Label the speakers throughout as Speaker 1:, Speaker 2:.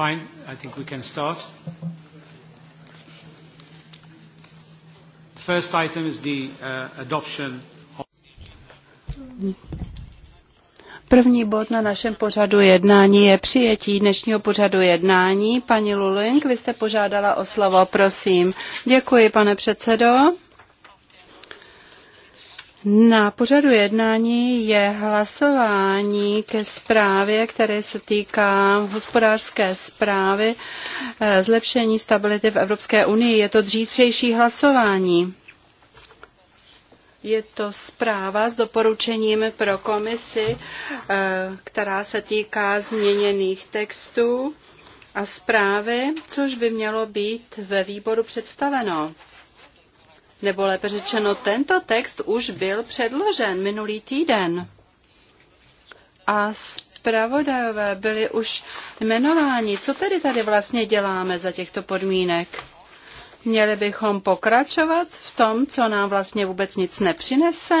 Speaker 1: Fine, I think we can
Speaker 2: start. First item is the uh, adoption of...
Speaker 1: První bod na našem pořadu jednání je přijetí dnešního pořadu jednání. Paní Luling, vy jste požádala o slovo, prosím. Děkuji, pane předsedo. Na pořadu jednání je hlasování ke zprávě, které se týká hospodářské zprávy eh, zlepšení stability v Evropské unii. Je to dřívější hlasování. Je to zpráva s doporučením pro komisi, eh, která se týká změněných textů a zprávy, což by mělo být ve výboru představeno nebo lépe řečeno, tento text už byl předložen minulý týden. A zpravodajové byli už jmenováni. Co tedy tady vlastně děláme za těchto podmínek? Měli bychom pokračovat v tom, co nám vlastně vůbec nic nepřinese?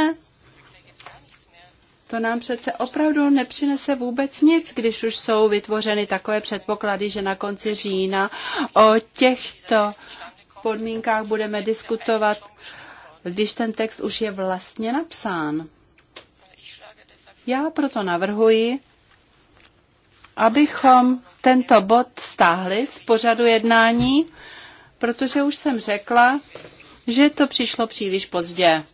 Speaker 1: To nám přece opravdu nepřinese vůbec nic, když už jsou vytvořeny takové předpoklady, že na konci října o těchto podmínkách budeme diskutovat, když ten text už je vlastně napsán. Já proto navrhuji, abychom tento bod stáhli z pořadu jednání, protože už jsem řekla, že to přišlo příliš pozdě.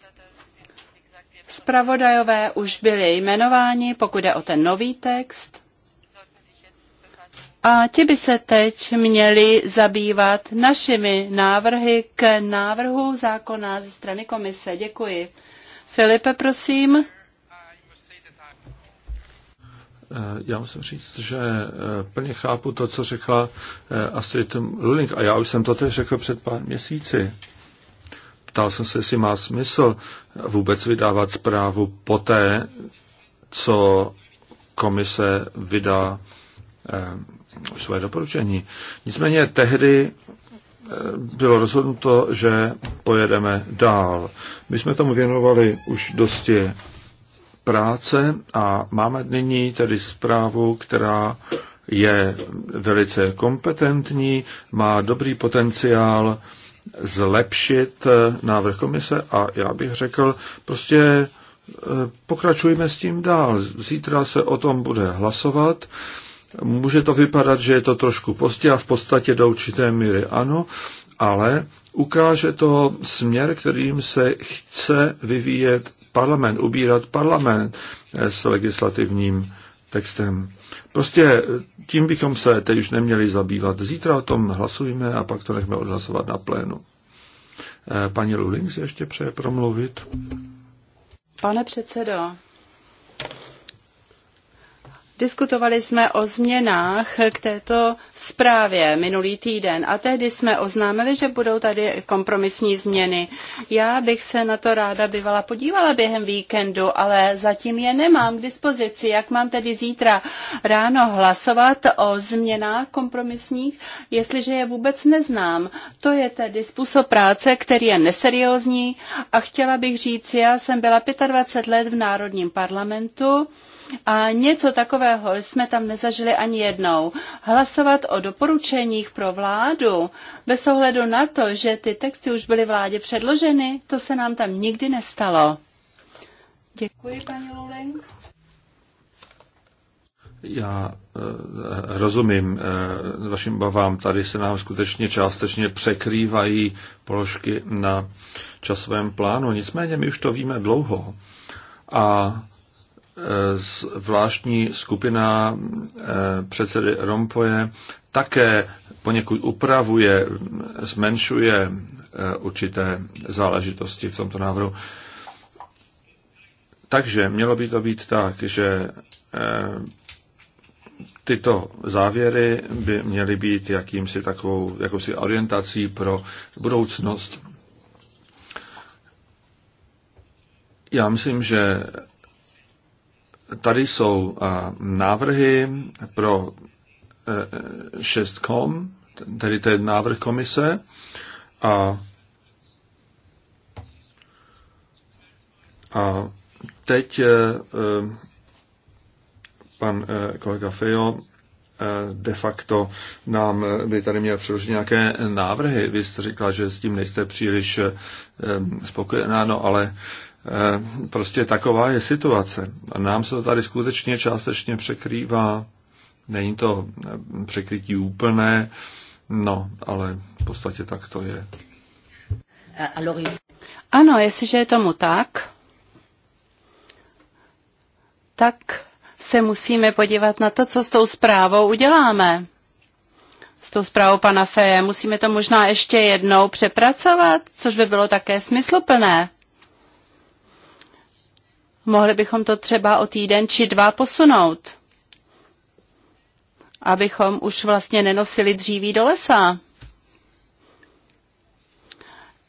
Speaker 1: Spravodajové už byli jmenováni, pokud je o ten nový text a ti by se teď měli zabývat našimi návrhy k návrhu zákona ze strany komise. Děkuji. Filipe, prosím.
Speaker 2: Eh, já musím říct, že eh, plně chápu to, co řekla eh, Astrid Lulink a já už jsem to teď řekl před pár měsíci. Ptal jsem se, jestli má smysl vůbec vydávat zprávu poté, co komise vydá svoje doporučení. Nicméně tehdy eh, bylo rozhodnuto, že pojedeme dál. My jsme tomu věnovali už dosti práce a máme nyní tedy zprávu, která je velice kompetentní, má dobrý potenciál zlepšit eh, návrh komise a já bych řekl, prostě eh, pokračujeme s tím dál. Zítra se o tom bude hlasovat Může to vypadat, že je to trošku pozdě a v podstatě do určité míry ano, ale ukáže to směr, kterým se chce vyvíjet parlament, ubírat parlament eh, s legislativním textem. Prostě eh, tím bychom se teď už neměli zabývat. Zítra o tom hlasujeme a pak to nechme odhlasovat na plénu. Eh, paní Luling si ještě přeje promluvit.
Speaker 1: Pane předsedo, Diskutovali jsme o změnách k této zprávě minulý týden a tehdy jsme oznámili, že budou tady kompromisní změny. Já bych se na to ráda bývala podívala během víkendu, ale zatím je nemám k dispozici. Jak mám tedy zítra ráno hlasovat o změnách kompromisních, jestliže je vůbec neznám? To je tedy způsob práce, který je neseriózní a chtěla bych říct, já jsem byla 25 let v Národním parlamentu, a něco takového jsme tam nezažili ani jednou. Hlasovat o doporučeních pro vládu bez ohledu na to, že ty texty už byly vládě předloženy, to se nám tam nikdy nestalo. Děkuji, paní Luling.
Speaker 2: Já eh, rozumím eh, vašim bavám. Tady se nám skutečně částečně překrývají položky na časovém plánu. Nicméně my už to víme dlouho. A zvláštní skupina eh, předsedy Rompoje také poněkud upravuje, zmenšuje eh, určité záležitosti v tomto návrhu. Takže mělo by to být tak, že eh, tyto závěry by měly být jakýmsi takovou jakousi orientací pro budoucnost. Já myslím, že Tady jsou návrhy pro 6.com, e, e, tedy to je návrh komise, a, a teď e, pan kolega Fejo de facto nám by tady měl předložit nějaké návrhy. Vy jste říkala, že s tím nejste příliš spokojená, no ale Eh, prostě taková je situace. A nám se to tady skutečně částečně překrývá. Není to eh, překrytí úplné, no, ale v podstatě tak to je.
Speaker 1: Eh, ano, jestliže je tomu tak, tak se musíme podívat na to, co s tou zprávou uděláme. S tou zprávou pana Feje musíme to možná ještě jednou přepracovat, což by bylo také smysluplné. Mohli bychom to třeba o týden či dva posunout, abychom už vlastně nenosili dříví do lesa.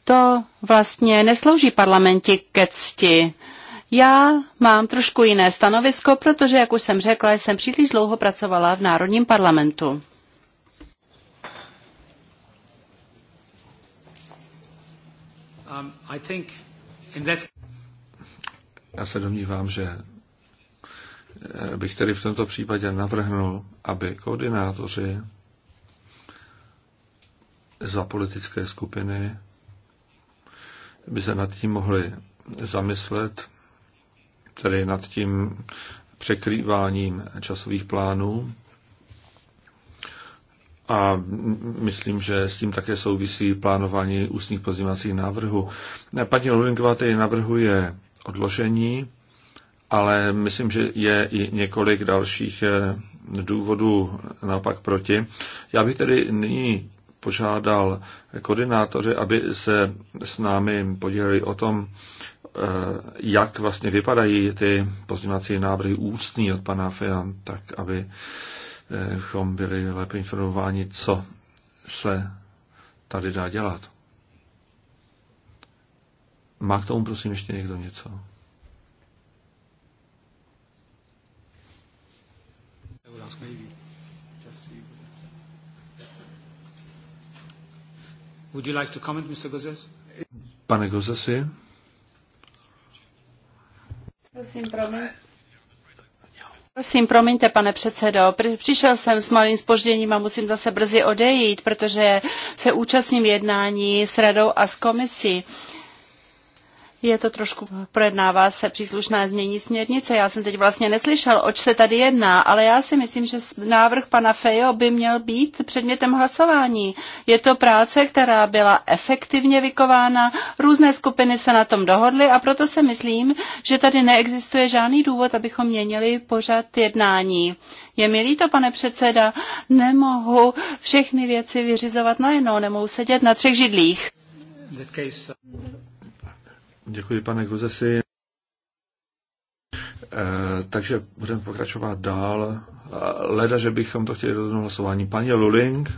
Speaker 1: To vlastně neslouží parlamenti ke cti. Já mám trošku jiné stanovisko, protože, jak už jsem řekla, jsem příliš dlouho pracovala v Národním parlamentu.
Speaker 2: Um, I think in that... Já se domnívám, že eh, bych tedy v tomto případě navrhnul, aby koordinátoři za politické skupiny by se nad tím mohli zamyslet, tedy nad tím překrýváním časových plánů. A myslím, že s tím také souvisí plánování ústních pozdívacích návrhů. Paní Lulinková tedy navrhuje odložení, ale myslím, že je i několik dalších eh, důvodů naopak proti. Já bych tedy nyní požádal koordinátoře, aby se s námi podělili o tom, eh, jak vlastně vypadají ty pozměňovací návrhy ústní od pana Fea, tak abychom eh, byli lépe informováni, co se tady dá dělat. Má k tomu prosím ještě někdo něco? Would you like to comment, Mr. Gozes? Pane Gozesi?
Speaker 1: Prosím, promiň. Prosím, promiňte, pane předsedo, přišel jsem s malým spožděním a musím zase brzy odejít, protože se účastním jednání s radou a s komisí je to trošku, projednává se příslušné změní směrnice. Já jsem teď vlastně neslyšel, oč se tady jedná, ale já si myslím, že návrh pana Fejo by měl být předmětem hlasování. Je to práce, která byla efektivně vykována, různé skupiny se na tom dohodly a proto se myslím, že tady neexistuje žádný důvod, abychom měnili pořad jednání. Je mi líto, pane předseda, nemohu všechny věci vyřizovat najednou, nemohu sedět na třech židlích.
Speaker 2: Uh, Děkuji, pane Gozesi. E, takže budeme pokračovat dál. E, leda, že bychom to chtěli rozhodnout hlasování. Paní Luling.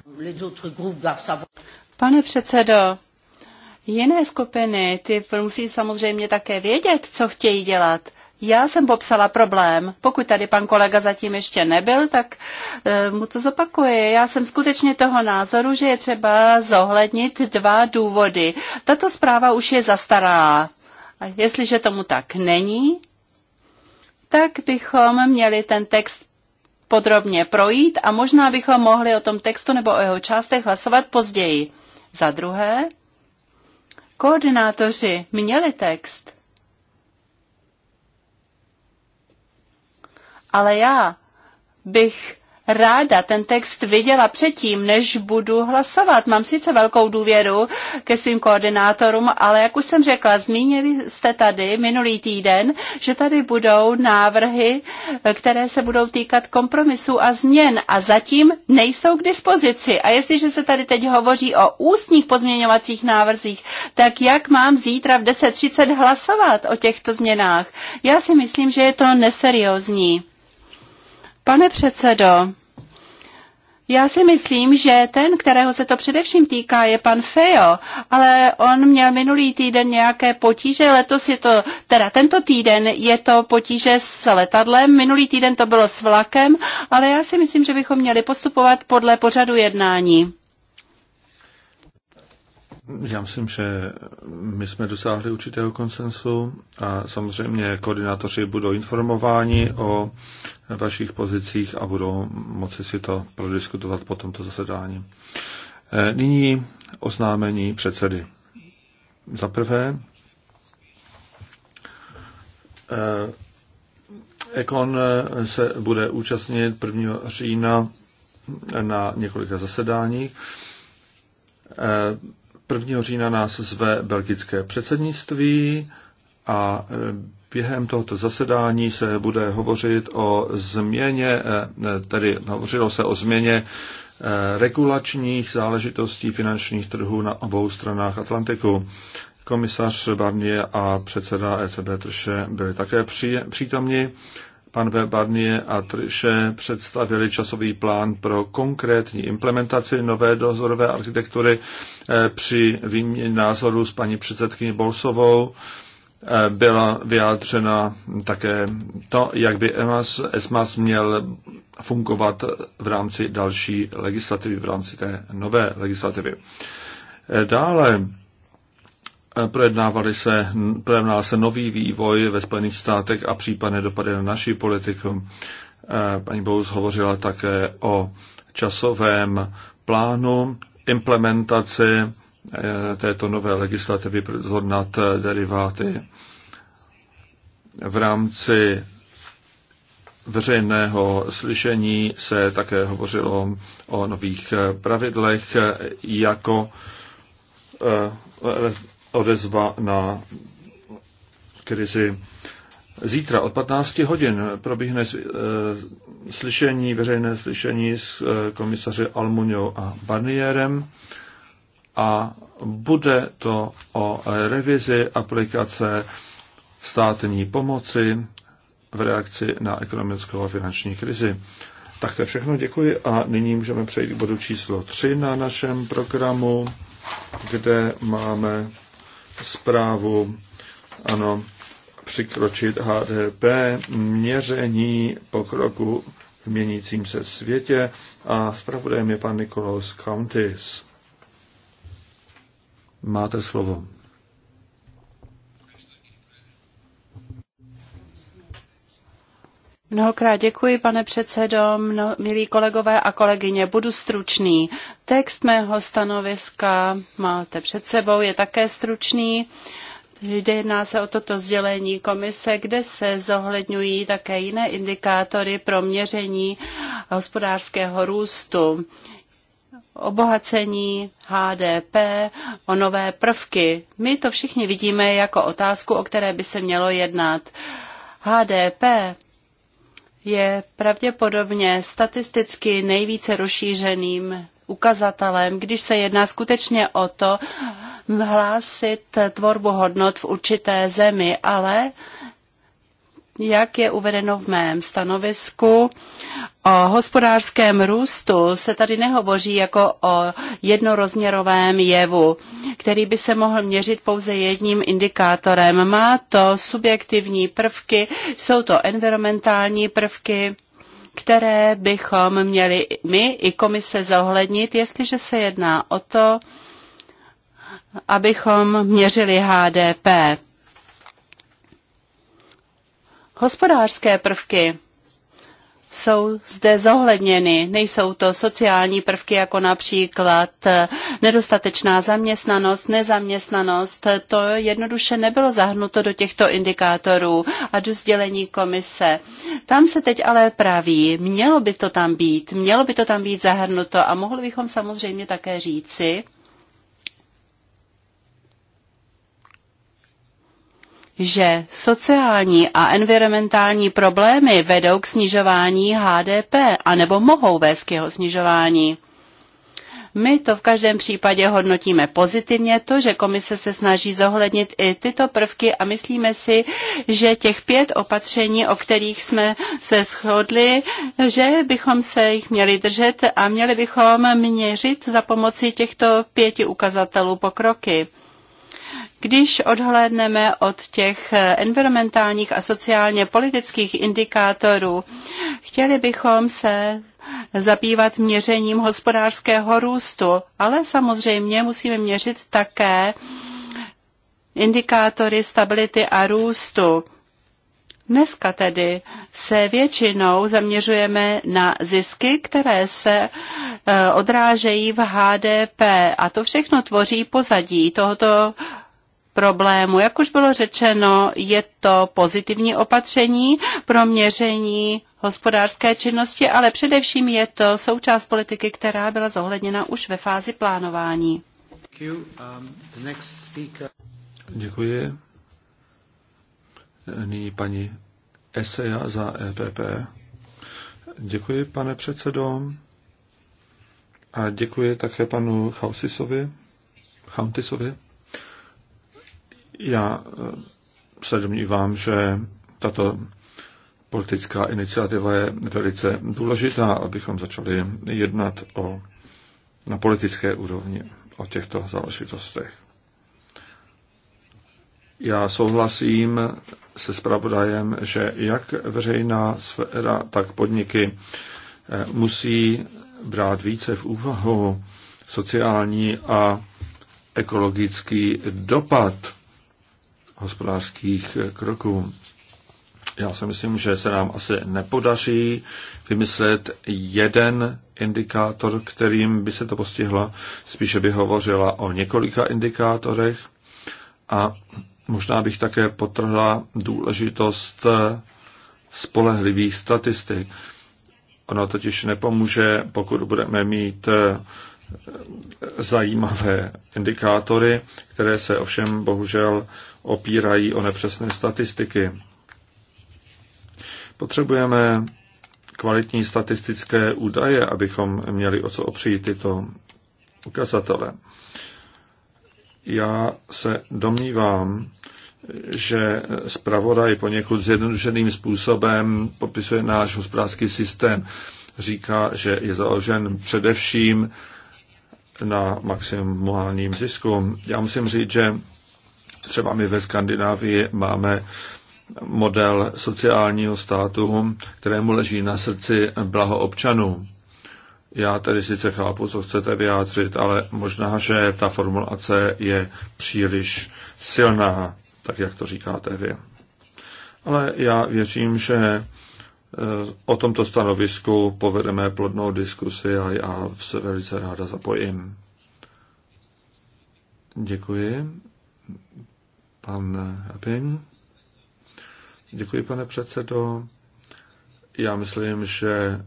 Speaker 1: Pane předsedo, jiné skupiny, ty musí samozřejmě také vědět, co chtějí dělat. Já jsem popsala problém. Pokud tady pan kolega zatím ještě nebyl, tak e, mu to zopakuje. Já jsem skutečně toho názoru, že je třeba zohlednit dva důvody. Tato zpráva už je zastará. A jestliže tomu tak není, tak bychom měli ten text podrobně projít a možná bychom mohli o tom textu nebo o jeho částech hlasovat později. Za druhé, koordinátoři měli text, ale já bych ráda ten text viděla předtím, než budu hlasovat. Mám sice velkou důvěru ke svým koordinátorům, ale jak už jsem řekla, zmínili jste tady minulý týden, že tady budou návrhy, které se budou týkat kompromisů a změn a zatím nejsou k dispozici. A jestliže se tady teď hovoří o ústních pozměňovacích návrzích, tak jak mám zítra v 10.30 hlasovat o těchto změnách? Já si myslím, že je to neseriózní. Pane předsedo, já si myslím, že ten, kterého se to především týká, je pan Feo, ale on měl minulý týden nějaké potíže, letos je to, teda tento týden je to potíže s letadlem, minulý týden to bylo s vlakem, ale já si myslím, že bychom měli postupovat podle pořadu jednání.
Speaker 2: Já myslím, že my jsme dosáhli určitého konsensu a samozřejmě koordinátoři budou informováni o vašich pozicích a budou moci si to prodiskutovat po tomto zasedání. E, nyní oznámení předsedy. Za prvé, e, Ekon se bude účastnit 1. října na několika zasedáních e, 1. října nás zve belgické předsednictví a e, během tohoto zasedání se bude hovořit o změně, e, e, tedy hovořilo se o změně regulačních záležitostí finančních trhů na obou stranách Atlantiku. Komisař Barnier a předseda ECB Trše byli také přítomni Panové Barnier a Trše představili časový plán pro konkrétní implementaci nové dozorové architektury eh, při výměně názoru s paní předsedkyní Bolsovou eh, byla vyjádřena také to, jak by EMAS, ESMAS měl fungovat v rámci další legislativy, v rámci té nové legislativy. Eh, dále Projednávali se, projednával se nový vývoj ve Spojených státech a případné dopady na naši politiku. Eh, paní Bous hovořila také o časovém plánu implementaci eh, této nové legislativy zhodnat eh, deriváty v rámci veřejného slyšení se také hovořilo o nových pravidlech jako odezva na krizi. Zítra od 15 hodin probíhne eh, slyšení, veřejné slyšení s eh, komisaři Almuňou a Barnierem a bude to o revizi aplikace státní pomoci v reakci na ekonomickou a finanční krizi. Tak to je všechno, děkuji a nyní můžeme přejít k bodu číslo 3 na našem programu, kde máme zprávu, ano, přikročit HDP, měření pokroku v měnícím se světě a zpravodajem je pan Nikolaus Countis. Máte slovo.
Speaker 1: Mnohokrát děkuji, pane předsedo, mno, milí kolegové a kolegyně. Budu stručný. Text mého stanoviska máte před sebou, je také stručný. Jde jedná se o toto sdělení komise, kde se zohledňují také jiné indikátory pro měření hospodářského růstu obohacení HDP, o nové prvky. My to všichni vidíme jako otázku, o které by se mělo jednat. HDP je pravděpodobně statisticky nejvíce rozšířeným ukazatelem, když se jedná skutečně o to hlásit tvorbu hodnot v určité zemi, ale jak je uvedeno v mém stanovisku, o hospodářském růstu se tady nehovoří jako o jednorozměrovém jevu, který by se mohl měřit pouze jedním indikátorem. Má to subjektivní prvky, jsou to environmentální prvky, které bychom měli my i komise zohlednit, jestliže se jedná o to, abychom měřili HDP hospodářské prvky jsou zde zohledněny. Nejsou to sociální prvky jako například eh, nedostatečná zaměstnanost, nezaměstnanost. To jednoduše nebylo zahrnuto do těchto indikátorů a do sdělení komise. Tam se teď ale praví, mělo by to tam být, mělo by to tam být zahrnuto a mohli bychom samozřejmě také říci, že sociální a environmentální problémy vedou k snižování HDP, a nebo mohou vést k jeho snižování. My to v každém případě hodnotíme pozitivně, to, že komise se snaží zohlednit i tyto prvky a myslíme si, že těch pět opatření, o kterých jsme se shodli, že bychom se jich měli držet a měli bychom měřit za pomoci těchto pěti ukazatelů pokroky. Když odhlédneme od těch environmentálních a sociálně politických indikátorů, chtěli bychom se zabývat měřením hospodářského růstu, ale samozřejmě musíme měřit také indikátory stability a růstu. Dneska tedy se většinou zaměřujeme na zisky, které se eh, odrážejí v HDP a to všechno tvoří pozadí tohoto problému. Jak už bylo řečeno, je to pozitivní opatření pro měření hospodářské činnosti, ale především je to součást politiky, která byla zohledněna už ve fázi plánování.
Speaker 2: Um, děkuji. Nyní paní Eseja za EPP. Děkuji, pane předsedo. A děkuji také panu Chausisovi, Chantisovi. Já eh, se domnívám, že tato politická iniciativa je velice důležitá, abychom začali jednat o, na politické úrovni o těchto záležitostech. Já souhlasím se zpravodajem, že jak veřejná sféra, tak podniky eh, musí brát více v úvahu sociální a ekologický dopad hospodářských kroků. Já si myslím, že se nám asi nepodaří vymyslet jeden indikátor, kterým by se to postihlo. Spíše by hovořila o několika indikátorech a možná bych také potrhla důležitost spolehlivých statistik. Ono totiž nepomůže, pokud budeme mít eh, zajímavé indikátory, které se ovšem bohužel opírají o nepřesné statistiky. Potřebujeme kvalitní statistické údaje, abychom měli o co opřít tyto ukazatele. Já se domnívám, že zpravodaj poněkud zjednodušeným způsobem popisuje náš hospodářský systém. Říká, že je založen především na maximálním zisku. Já musím říct, že třeba my ve Skandinávii máme model sociálního státu, kterému leží na srdci blaho občanů. Já tedy sice chápu, co chcete vyjádřit, ale možná, že ta formulace je příliš silná, tak jak to říkáte vy. Ale já věřím, že eh, o tomto stanovisku povedeme plodnou diskusi a já se velice ráda zapojím. Děkuji. Pan Ping. Děkuji, pane předsedo. Já myslím, že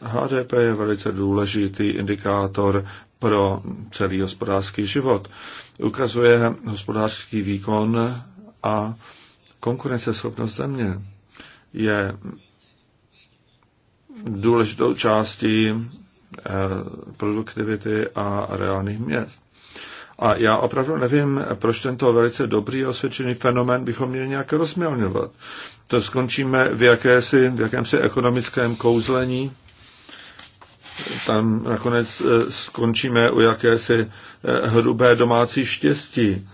Speaker 2: HDP eh, je velice důležitý indikátor pro celý hospodářský život. Ukazuje hospodářský výkon a konkurenceschopnost země. Je důležitou částí eh, produktivity a reálných měst. A já opravdu nevím, proč tento velice dobrý osvědčený fenomén bychom měli nějak rozmělňovat. To skončíme v, jakési, v jakémsi ekonomickém kouzlení, tam nakonec eh, skončíme u jakési eh, hrubé domácí štěstí.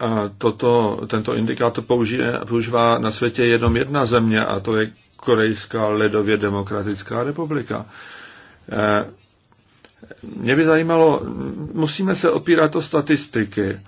Speaker 2: A toto, tento indikátor použije, používá na světě jenom jedna země, a to je Korejská ledově demokratická republika. Eh, mě by zajímalo, musíme se opírat o statistiky.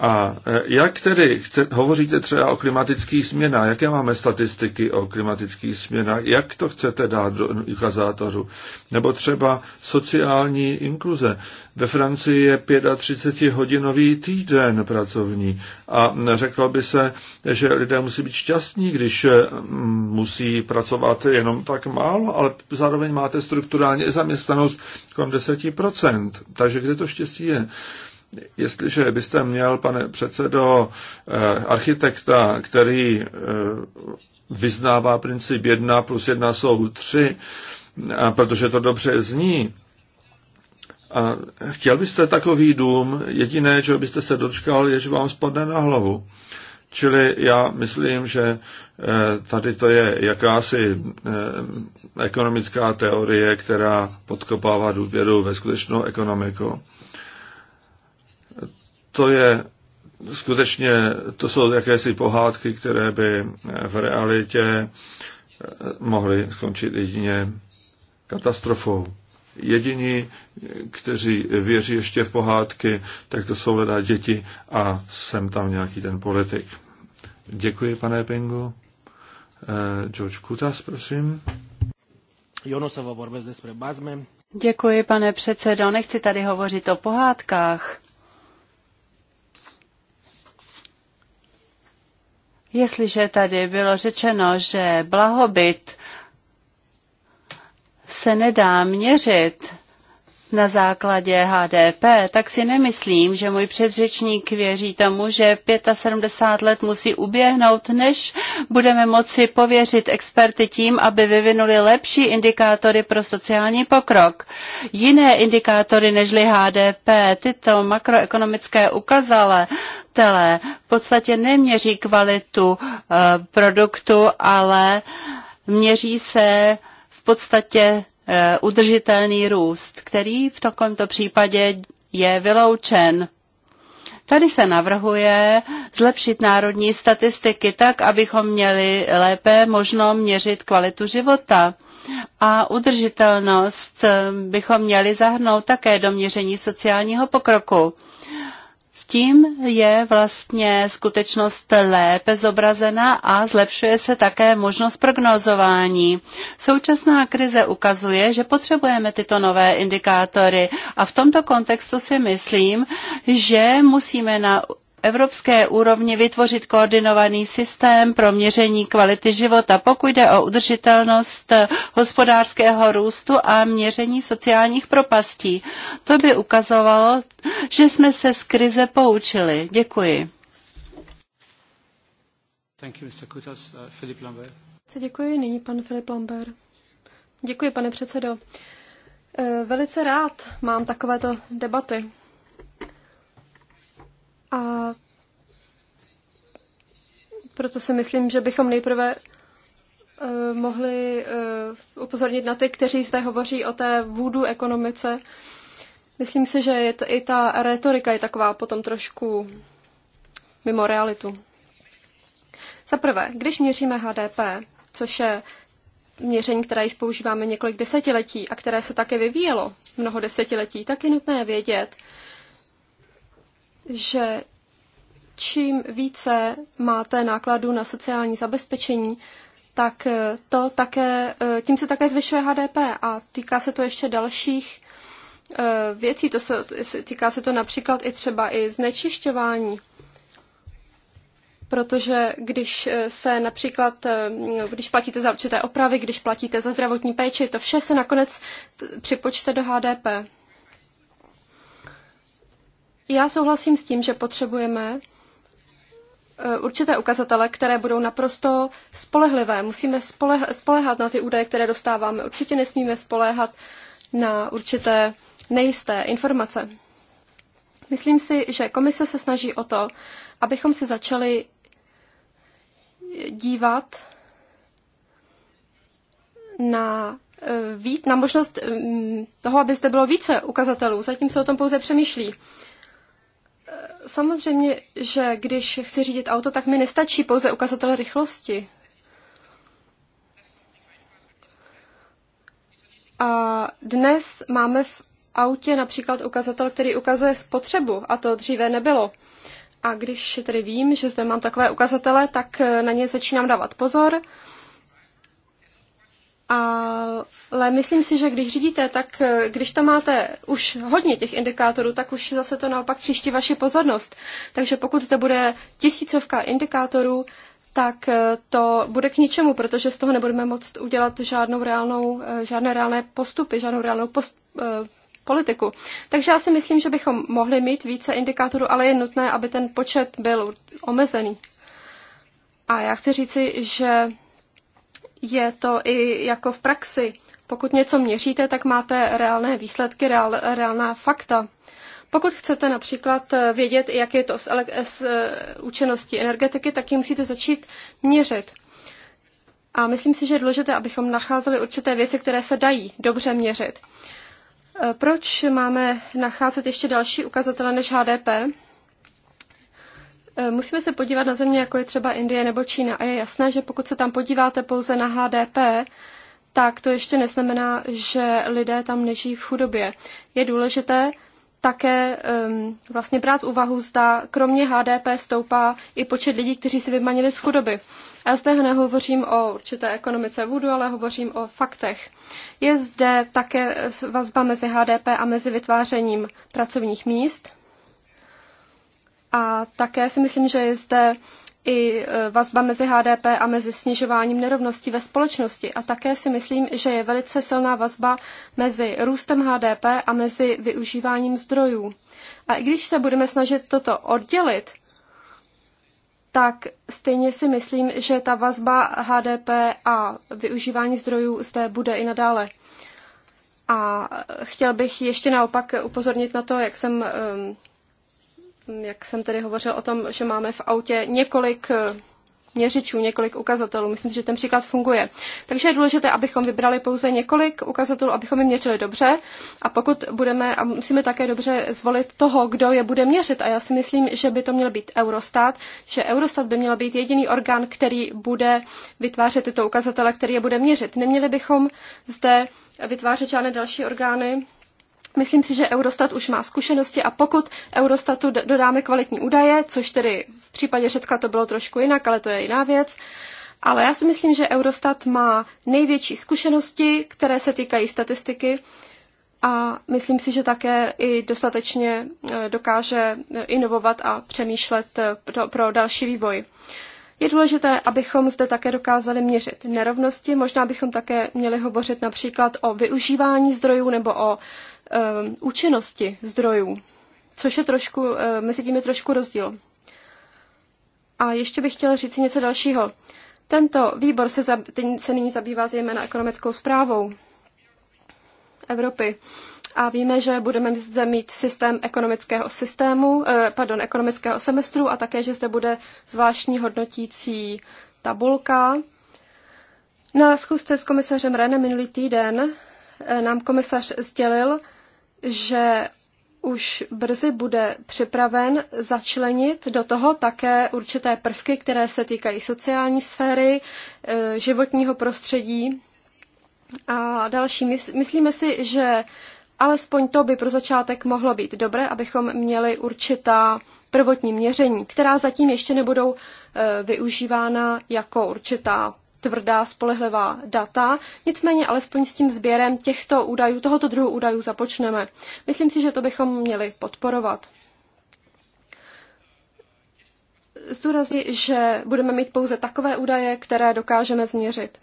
Speaker 2: A e, jak tedy chce, hovoříte třeba o klimatických změnách? Jaké máme statistiky o klimatických změnách? Jak to chcete dát do ukazátoru? Nebo třeba sociální inkluze. Ve Francii je 35-hodinový týden pracovní a řeklo by se, že lidé musí být šťastní, když e, musí pracovat jenom tak málo, ale zároveň máte strukturálně zaměstnanost kolem 10%. Takže kde to štěstí je? Jestliže byste měl, pane předsedo, eh, architekta, který eh, vyznává princip 1 plus 1 jsou 3, protože to dobře zní, a chtěl byste takový dům, jediné, čeho byste se dočkal, je, že vám spadne na hlavu. Čili já myslím, že eh, tady to je jakási ekonomická teorie, která podkopává důvěru ve skutečnou ekonomiku to je skutečně, to jsou jakési pohádky, které by v realitě mohly skončit jedině katastrofou. Jediní, kteří věří ještě v pohádky, tak to jsou lidé děti a jsem tam nějaký ten politik. Děkuji, pane Pingu. George Kutas, prosím.
Speaker 1: Děkuji, pane předsedo. Nechci tady hovořit o pohádkách. Jestliže tady bylo řečeno, že blahobyt se nedá měřit na základě HDP, tak si nemyslím, že můj předřečník věří tomu, že 75 let musí uběhnout, než budeme moci pověřit experty tím, aby vyvinuli lepší indikátory pro sociální pokrok. Jiné indikátory nežli HDP, tyto makroekonomické ukazatele v podstatě neměří kvalitu eh, produktu, ale měří se v podstatě Eh, udržitelný růst, který v takovémto případě je vyloučen. Tady se navrhuje zlepšit národní statistiky tak, abychom měli lépe možno měřit kvalitu života. A udržitelnost eh, bychom měli zahrnout také do měření sociálního pokroku. S tím je vlastně skutečnost lépe zobrazena a zlepšuje se také možnost prognozování. Současná krize ukazuje, že potřebujeme tyto nové indikátory a v tomto kontextu si myslím, že musíme na evropské úrovni vytvořit koordinovaný systém pro měření kvality života, pokud jde o udržitelnost hospodářského růstu a měření sociálních propastí. To by ukazovalo, že jsme se z krize poučili. Děkuji.
Speaker 3: Thank you, Mr. Kutas. Filip uh, Lambert. Děkuji, nyní pan Filip Lambert. Děkuji, pane předsedo. Eh, velice rád mám takovéto debaty. A proto si myslím, že bychom nejprve eh, mohli eh, upozornit na ty, kteří zde hovoří o té vůdu ekonomice. Myslím si, že je to, i ta retorika je taková potom trošku mimo realitu. Za prvé, když měříme HDP, což je měření, které již používáme několik desetiletí a které se také vyvíjelo mnoho desetiletí, tak je nutné vědět, že čím více máte nákladů na sociální zabezpečení, tak to také, eh, tím se také zvyšuje HDP a týká se to ještě dalších eh, věcí. To se, týká se to například i třeba i znečišťování. Protože když eh, se například, když platíte za určité opravy, když platíte za zdravotní péči, to vše se nakonec připočte do HDP. Já souhlasím s tím, že potřebujeme eh, určité ukazatele, které budou naprosto spolehlivé. Musíme spolehat na ty údaje, které dostáváme. Určitě nesmíme spoléhat na určité nejisté informace. Myslím si, že komise se snaží o to, abychom se začali dívat na, eh, na možnost mm, toho, aby zde bylo více ukazatelů. Zatím se o tom pouze přemýšlí. Samozřejmě, že když chci řídit auto, tak mi nestačí pouze ukazatel rychlosti. A dnes máme v autě například ukazatel, který ukazuje spotřebu, a to dříve nebylo. A když tedy vím, že zde mám takové ukazatele, tak na ně začínám dávat pozor. Ale myslím si, že když řídíte, tak eh, když tam máte už hodně těch indikátorů, tak už zase to naopak příští vaši pozornost. Takže pokud to bude tisícovka indikátorů, tak eh, to bude k ničemu, protože z toho nebudeme moct udělat žádnou reálnou, eh, žádné reálné postupy, žádnou reálnou post, politiku. Takže já si myslím, že bychom mohli mít více indikátorů, ale je nutné, aby ten počet byl omezený. A já chci říci, že je to i jako v praxi. Pokud něco měříte, tak máte reálné výsledky, reál, reálná fakta. Pokud chcete například vědět, jak je to s, s eh, účinností energetiky, tak ji musíte začít měřit. A myslím si, že je důležité, abychom nacházeli určité věci, které se dají dobře měřit. Eh, proč máme nacházet ještě další ukazatele než HDP? Eh, musíme se podívat na země, jako je třeba Indie nebo Čína. A je jasné, že pokud se tam podíváte pouze na HDP, tak to ještě neznamená, že lidé tam nežijí v chudobě. Je důležité také um, vlastně brát úvahu, zda kromě HDP stoupá i počet lidí, kteří si vymanili z chudoby. Já zde nehovořím o určité ekonomice vůdu, ale hovořím o faktech. Je zde také vazba mezi HDP a mezi vytvářením pracovních míst. A také si myslím, že je zde i e, vazba mezi HDP a mezi snižováním nerovností ve společnosti. A také si myslím, že je velice silná vazba mezi růstem HDP a mezi využíváním zdrojů. A i když se budeme snažit toto oddělit, tak stejně si myslím, že ta vazba HDP a využívání zdrojů zde bude i nadále. A chtěl bych ještě naopak upozornit na to, jak jsem jak jsem tedy hovořil o tom, že máme v autě několik eh, měřičů, několik ukazatelů. Myslím, že ten příklad funguje. Takže je důležité, abychom vybrali pouze několik ukazatelů, abychom je měřili dobře. A pokud budeme, a musíme také dobře zvolit toho, kdo je bude měřit. A já si myslím, že by to měl být Eurostat, že Eurostat by měl být jediný orgán, který bude vytvářet tyto ukazatele, který je bude měřit. Neměli bychom zde vytvářet žádné další orgány, Myslím si, že Eurostat už má zkušenosti a pokud Eurostatu dodáme kvalitní údaje, což tedy v případě Řecka to bylo trošku jinak, ale to je jiná věc, ale já si myslím, že Eurostat má největší zkušenosti, které se týkají statistiky a myslím si, že také i dostatečně eh, dokáže eh, inovovat a přemýšlet pro, eh, pro další vývoj. Je důležité, abychom zde také dokázali měřit nerovnosti. Možná bychom také měli hovořit například o využívání zdrojů nebo o um, účinnosti zdrojů, což je trošku, uh, mezi tím je trošku rozdíl. A ještě bych chtěla říct něco dalšího. Tento výbor se, za, se nyní zabývá zejména ekonomickou zprávou Evropy. A víme, že budeme zde mít systém ekonomického systému, eh, pardon, ekonomického semestru a také, že zde bude zvláštní hodnotící tabulka. Na schůzce s komisařem Renem minulý týden eh, nám komisař sdělil, že už brzy bude připraven začlenit do toho také určité prvky, které se týkají sociální sféry, e, životního prostředí a další. Myslíme si, že alespoň to by pro začátek mohlo být dobré, abychom měli určitá prvotní měření, která zatím ještě nebudou e, využívána jako určitá tvrdá, spolehlivá data, nicméně alespoň s tím sběrem těchto údajů, tohoto druhu údajů započneme. Myslím si, že to bychom měli podporovat. Zdůrazně, že budeme mít pouze takové údaje, které dokážeme změřit.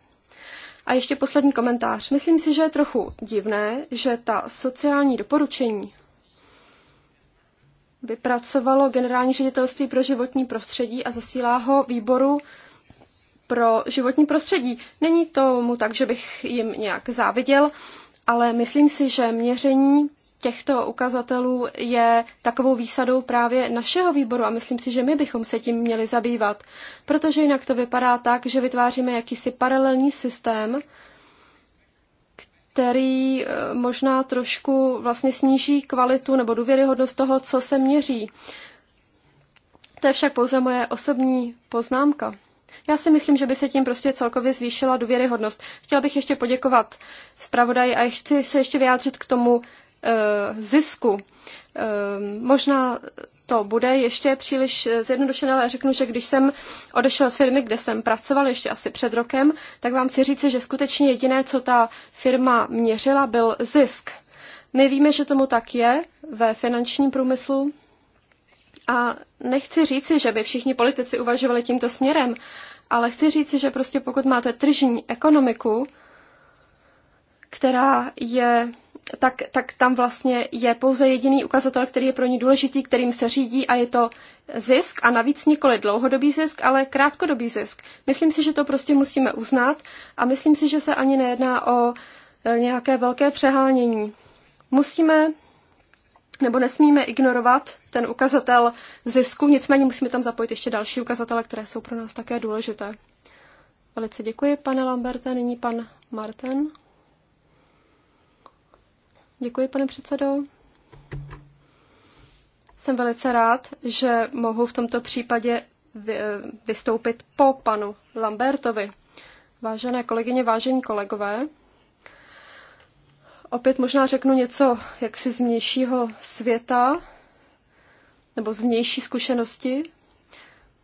Speaker 3: A ještě poslední komentář. Myslím si, že je trochu divné, že ta sociální doporučení vypracovalo Generální ředitelství pro životní prostředí a zasílá ho výboru pro životní prostředí. Není tomu tak, že bych jim nějak záviděl, ale myslím si, že měření těchto ukazatelů je takovou výsadou právě našeho výboru a myslím si, že my bychom se tím měli zabývat, protože jinak to vypadá tak, že vytváříme jakýsi paralelní systém, který eh, možná trošku vlastně sníží kvalitu nebo důvěryhodnost toho, co se měří. To je však pouze moje osobní poznámka. Já si myslím, že by se tím prostě celkově zvýšila důvěryhodnost. Chtěla bych ještě poděkovat zpravodaji a chci se ještě vyjádřit k tomu uh, zisku. Uh, možná to bude ještě příliš eh, zjednodušené, ale řeknu, že když jsem odešel z firmy, kde jsem pracoval ještě asi před rokem, tak vám chci říct, že skutečně jediné, co ta firma měřila, byl zisk. My víme, že tomu tak je ve finančním průmyslu, a nechci říci, že by všichni politici uvažovali tímto směrem, ale chci říci, že prostě pokud máte tržní ekonomiku, která je, tak, tak tam vlastně je pouze jediný ukazatel, který je pro ní důležitý, kterým se řídí a je to zisk a navíc nikoli dlouhodobý zisk, ale krátkodobý zisk. Myslím si, že to prostě musíme uznat a myslím si, že se ani nejedná o e, nějaké velké přehánění. Musíme nebo nesmíme ignorovat ten ukazatel zisku, nicméně musíme tam zapojit ještě další ukazatele, které jsou pro nás také důležité. Velice děkuji, pane Lamberte. Nyní pan Marten. Děkuji, pane předsedo. Jsem velice rád, že mohu v tomto případě eh, vystoupit po panu Lambertovi. Vážené kolegyně, vážení kolegové, Opět možná řeknu něco jaksi z vnějšího světa nebo z vnější zkušenosti.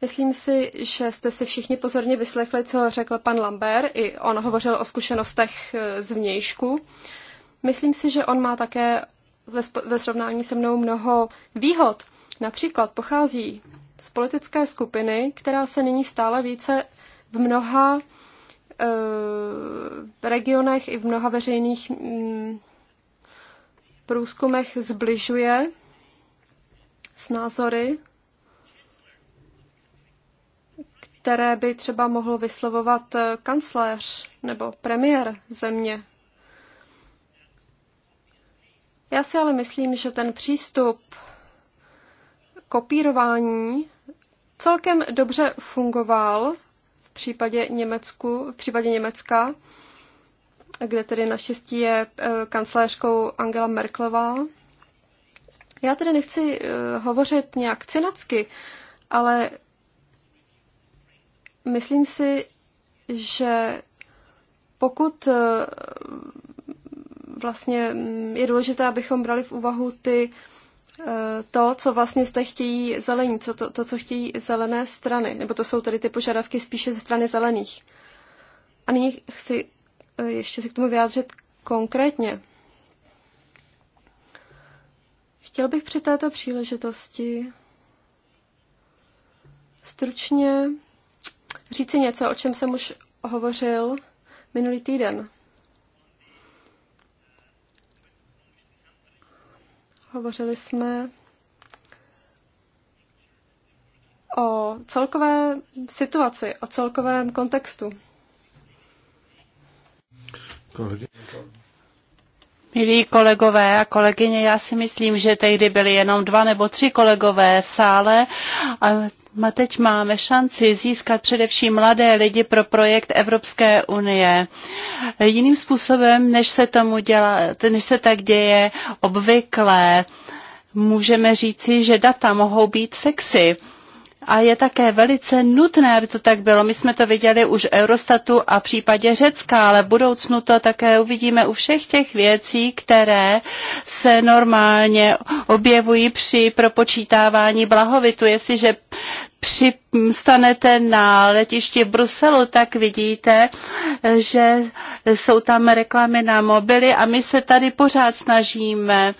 Speaker 3: Myslím si, že jste si všichni pozorně vyslechli, co řekl pan Lambert. I on hovořil o zkušenostech e, z vnějšku. Myslím si, že on má také ve, ve srovnání se mnou mnoho výhod. Například pochází z politické skupiny, která se nyní stále více v mnoha Eh, regionech i v mnoha veřejných mm, průzkumech zbližuje s názory, které by třeba mohl vyslovovat eh, kancléř nebo premiér země. Já si ale myslím, že ten přístup kopírování celkem dobře fungoval v případě, Německu, v případě Německa, kde tedy naštěstí je eh, kancelářkou Angela Merklová. Já tedy nechci eh, hovořit nějak cynacky, ale myslím si, že pokud eh, vlastně mm, je důležité, abychom brali v úvahu ty to, co vlastně zde chtějí zelení, co to, to, co chtějí zelené strany, nebo to jsou tedy ty požadavky spíše ze strany zelených. A nyní chci eh, ještě se k tomu vyjádřit konkrétně. Chtěl bych při této příležitosti stručně říci něco, o čem jsem už hovořil minulý týden. Hovořili jsme o celkové situaci, o celkovém kontextu.
Speaker 1: Milí kolegové a kolegyně, já si myslím, že tehdy byli jenom dva nebo tři kolegové v sále a a teď máme šanci získat především mladé lidi pro projekt Evropské unie. Jiným způsobem, než se, tomu dělá, než se tak děje obvykle, můžeme říci, že data mohou být sexy a je také velice nutné, aby to tak bylo. My jsme to viděli už Eurostatu a v případě Řecka, ale v budoucnu to také uvidíme u všech těch věcí, které se normálně objevují při propočítávání blahovitu. Jestliže přistanete na letišti v Bruselu, tak vidíte, že jsou tam reklamy na mobily a my se tady pořád snažíme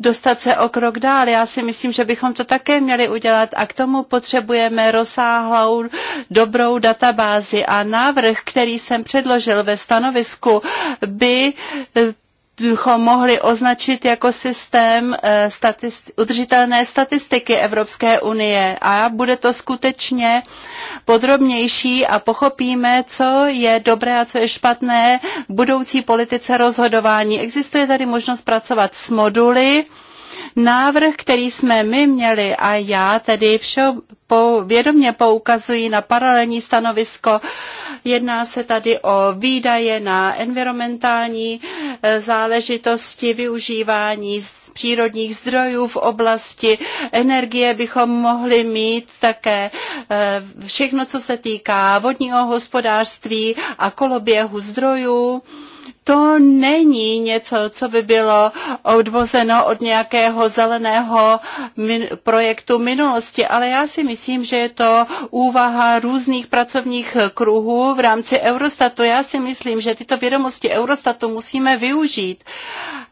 Speaker 1: dostat se o krok dál. Já si myslím, že bychom to také měli udělat a k tomu potřebujeme rozsáhlou dobrou databázi a návrh, který jsem předložil ve stanovisku, by bychom mohli označit jako systém eh, statist, udržitelné statistiky Evropské unie a bude to skutečně podrobnější a pochopíme, co je dobré a co je špatné v budoucí politice rozhodování. Existuje tady možnost pracovat s moduly, Návrh, který jsme my měli a já tedy vše po, vědomě poukazují na paralelní stanovisko. Jedná se tady o výdaje na environmentální eh, záležitosti, využívání přírodních zdrojů v oblasti energie bychom mohli mít také eh, všechno, co se týká vodního hospodářství a koloběhu zdrojů to není něco, co by bylo odvozeno od nějakého zeleného min- projektu minulosti, ale já si myslím, že je to úvaha různých pracovních kruhů v rámci Eurostatu. Já si myslím, že tyto vědomosti Eurostatu musíme využít.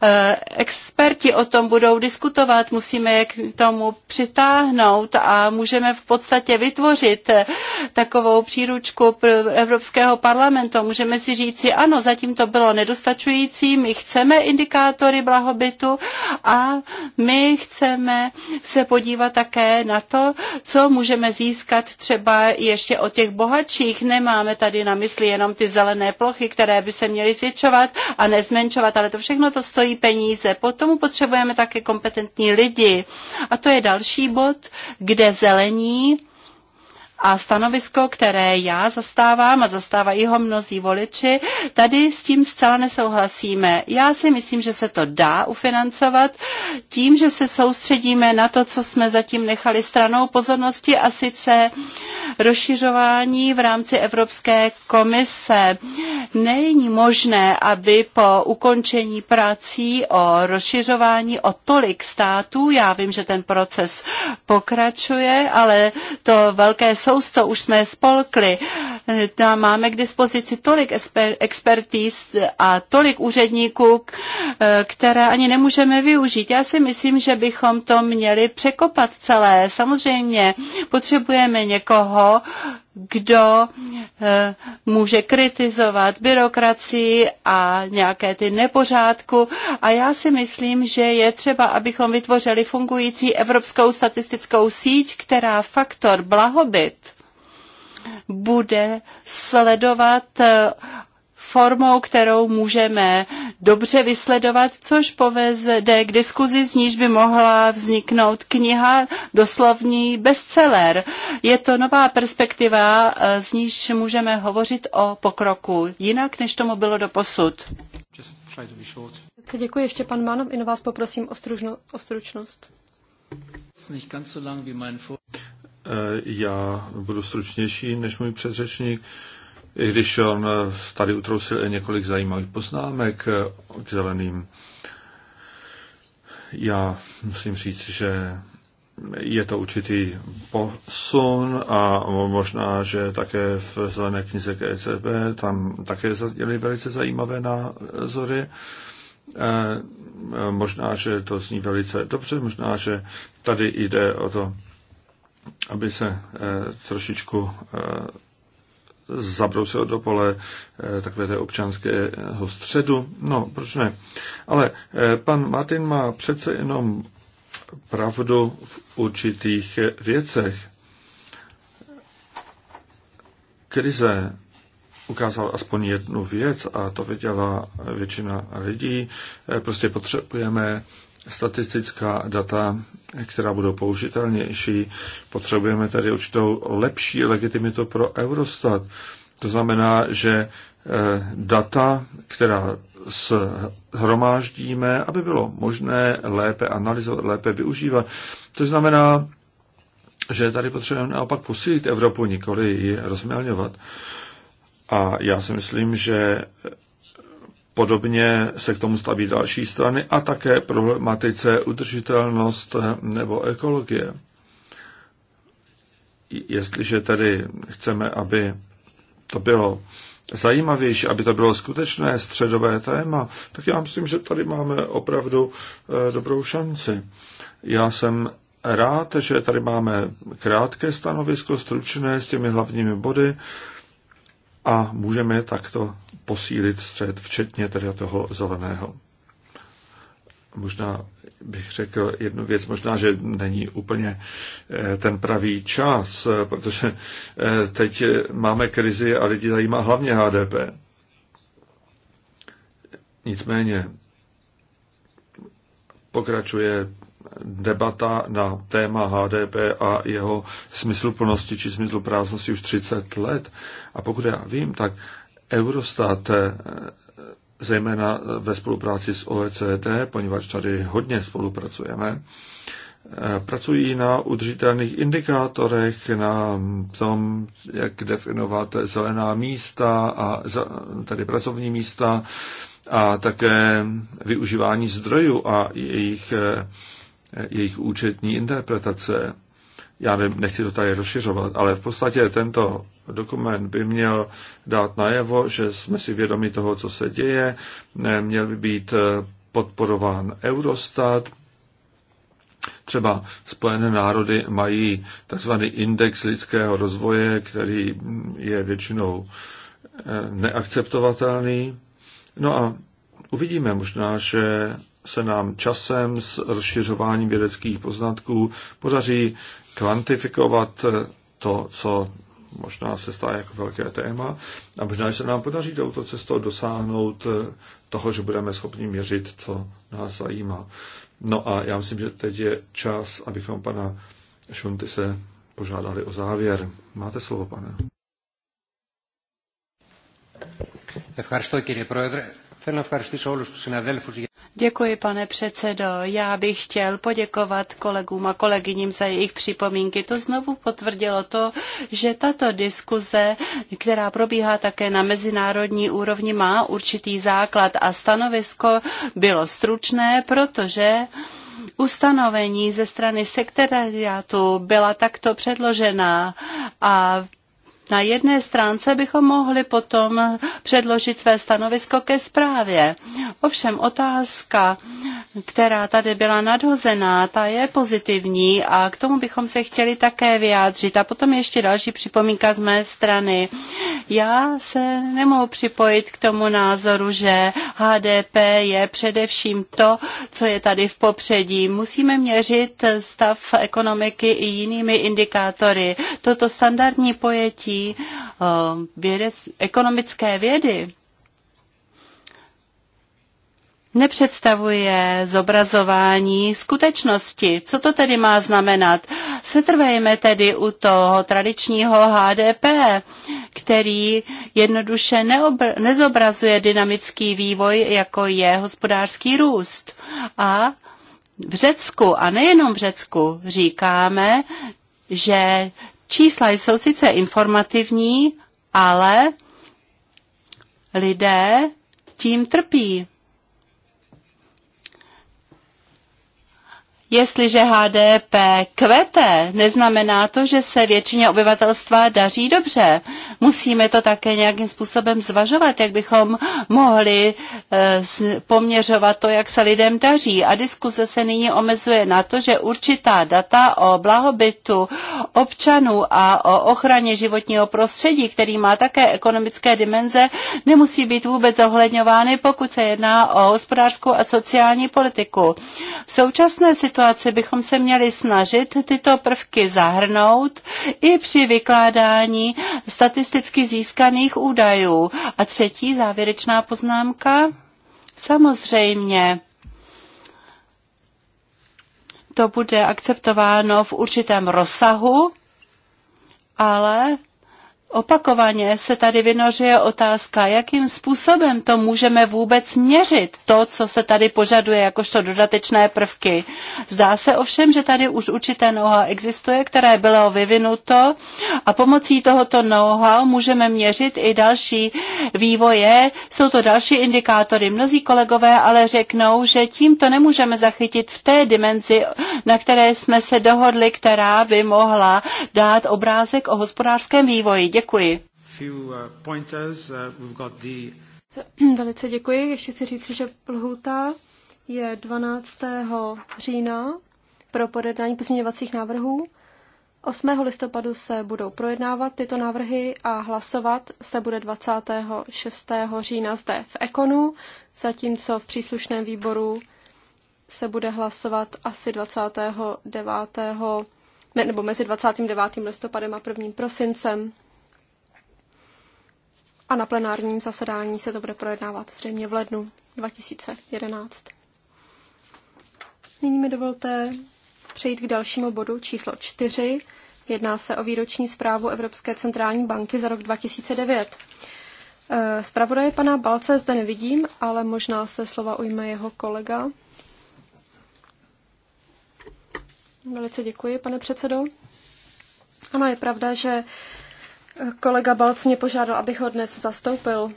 Speaker 1: Eh, experti o tom budou diskutovat, musíme je k tomu přitáhnout a můžeme v podstatě vytvořit eh, takovou příručku Evropského parlamentu. Můžeme si říci, ano, zatím to bylo ne- nedostačující. My chceme indikátory blahobytu a my chceme se podívat také na to, co můžeme získat třeba ještě od těch bohatších. Nemáme tady na mysli jenom ty zelené plochy, které by se měly zvětšovat a nezmenšovat, ale to všechno to stojí peníze. Potom potřebujeme také kompetentní lidi. A to je další bod, kde zelení a stanovisko, které já zastávám a zastávají ho mnozí voliči, tady s tím zcela nesouhlasíme. Já si myslím, že se to dá ufinancovat tím, že se soustředíme na to, co jsme zatím nechali stranou pozornosti a sice rozšiřování v rámci Evropské komise. Není možné, aby po ukončení prací o rozšiřování o tolik států, já vím, že ten proces pokračuje, ale to velké soustředí, s už jsme spolkli. Tam máme k dispozici tolik exper- expertíz a tolik úředníků, eh, které ani nemůžeme využít. Já si myslím, že bychom to měli překopat celé. Samozřejmě potřebujeme někoho, kdo eh, může kritizovat byrokracii a nějaké ty nepořádku. A já si myslím, že je třeba, abychom vytvořili fungující evropskou statistickou síť, která faktor blahobyt bude sledovat eh, formou, kterou můžeme dobře vysledovat, což povede k diskuzi, z níž by mohla vzniknout kniha, doslovní bestseller. Je to nová perspektiva, eh, z níž můžeme hovořit o pokroku, jinak než tomu bylo do posud.
Speaker 3: Děkuji ještě pan Manov, i vás poprosím o, stružno, o stručnost.
Speaker 2: Eh, já budu stručnější než můj předřečník, i když on eh, tady utrousil několik zajímavých poznámek eh, k zeleným. Já musím říct, že je to určitý posun a možná, že také v zelené knize KCB e tam také zazněly velice zajímavé názory. Možná, že to zní velice dobře, možná, že tady jde o to aby se eh, trošičku eh, zabrousil do pole eh, takové té občanského středu. No, proč ne? Ale pan Martin má přece jenom pravdu v určitých věcech. Krize ukázal aspoň jednu věc a to viděla většina lidí. Prostě potřebujeme statistická data, která budou použitelnější. Potřebujeme tady určitou lepší legitimitu pro Eurostat. To znamená, že eh, data, která shromáždíme, aby bylo možné lépe analyzovat, lépe využívat. To znamená, že tady potřebujeme naopak posílit Evropu, nikoli ji rozmělňovat. A já si myslím, že Podobně se k tomu staví další strany a také problematice udržitelnost nebo ekologie. Jestliže tedy chceme, aby to bylo zajímavější, aby to bylo skutečné středové téma, tak já myslím, že tady máme opravdu eh, dobrou šanci. Já jsem rád, že tady máme krátké stanovisko, stručné s těmi hlavními body a můžeme takto posílit střed, včetně teda toho zeleného. Možná bych řekl jednu věc, možná, že není úplně eh, ten pravý čas, eh, protože eh, teď máme krizi a lidi zajímá hlavně HDP. Nicméně pokračuje debata na téma HDP a jeho smysluplnosti či smyslu prázdnosti už 30 let. A pokud já vím, tak Eurostat eh, zejména ve spolupráci s OECD, poněvadž tady hodně spolupracujeme, eh, pracují na udržitelných indikátorech, na tom, jak definovat zelená místa a tady pracovní místa a také využívání zdrojů a jejich, eh, jejich účetní interpretace. Já nechci to tady rozšiřovat, ale v podstatě tento dokument by měl dát najevo, že jsme si vědomi toho, co se děje, měl by být eh, podporován Eurostat. Třeba Spojené národy mají takzvaný index lidského rozvoje, který je většinou eh, neakceptovatelný. No a uvidíme možná, že se nám časem s rozšiřováním vědeckých poznatků podaří kvantifikovat eh, to, co možná se stá jako velké téma a možná, že se nám podaří touto cestou dosáhnout eh, toho, že budeme schopni měřit, co nás zajímá. No a já myslím, že teď je čas, abychom pana Šunty se požádali o závěr. Máte slovo, pane.
Speaker 1: Ευχαριστώ κύριε Πρόεδρε. Θέλω να ευχαριστήσω όλους τους συναδέλφους για... Děkuji, pane předsedo. Já bych chtěl poděkovat kolegům a kolegyním za jejich připomínky. To znovu potvrdilo to, že tato diskuze, která probíhá také na mezinárodní úrovni, má určitý základ a stanovisko bylo stručné, protože ustanovení ze strany sekretariátu byla takto předložena a na jedné stránce bychom mohli potom předložit své stanovisko ke zprávě. Ovšem otázka, která tady byla nadhozená, ta je pozitivní a k tomu bychom se chtěli také vyjádřit. A potom ještě další připomínka z mé strany. Já se nemohu připojit k tomu názoru, že HDP je především to, co je tady v popředí. Musíme měřit stav ekonomiky i jinými indikátory. Toto standardní pojetí věcí eh, vědec, ekonomické vědy nepředstavuje zobrazování skutečnosti. Co to tedy má znamenat? Setrvejme tedy u toho tradičního HDP, který jednoduše neobr- nezobrazuje dynamický vývoj, jako je hospodářský růst. A v Řecku, a nejenom v Řecku, říkáme, že Čísla jsou sice informativní, ale lidé tím trpí. Jestliže HDP kvete, neznamená to, že se většině obyvatelstva daří dobře. Musíme to také nějakým způsobem zvažovat, jak bychom mohli eh, poměřovat to, jak se lidem daří. A diskuse se nyní omezuje na to, že určitá data o blahobytu občanů a o ochraně životního prostředí, který má také ekonomické dimenze, nemusí být vůbec zohledňovány, pokud se jedná o hospodářskou a sociální politiku. V současné situaci bychom se měli snažit tyto prvky zahrnout i při vykládání statisticky získaných údajů. A třetí závěrečná poznámka? Samozřejmě to bude akceptováno v určitém rozsahu, ale Opakovaně se tady vynořuje otázka, jakým způsobem to můžeme vůbec měřit, to, co se tady požaduje jakožto dodatečné prvky. Zdá se ovšem, že tady už určité noha existuje, které bylo vyvinuto a pomocí tohoto noha můžeme měřit i další vývoje. Jsou to další indikátory. Mnozí kolegové ale řeknou, že tímto nemůžeme zachytit v té dimenzi, na které jsme se dohodli, která by mohla dát obrázek o hospodářském vývoji. Děkuji Děkuji.
Speaker 2: Uh,
Speaker 3: uh, velice děkuji. Ještě chci říct, že lhůta je 12. října pro projednání pozměňovacích návrhů. 8. listopadu se budou projednávat tyto návrhy a hlasovat se bude 26. října zde v Ekonu, zatímco v příslušném výboru se bude hlasovat asi 29. nebo mezi 29. listopadem a 1. prosincem a na plenárním zasedání se to bude projednávat zřejmě v lednu 2011. Nyní mi dovolte přejít k dalšímu bodu číslo 4. Jedná se o výroční zprávu Evropské centrální banky za rok 2009. Eh, zpravodaje pana Balce zde nevidím, ale možná se slova ujme jeho kolega. Velice děkuji, pane předsedo. Ano, je pravda, že Kolega Balc mě požádal, abych ho dnes zastoupil,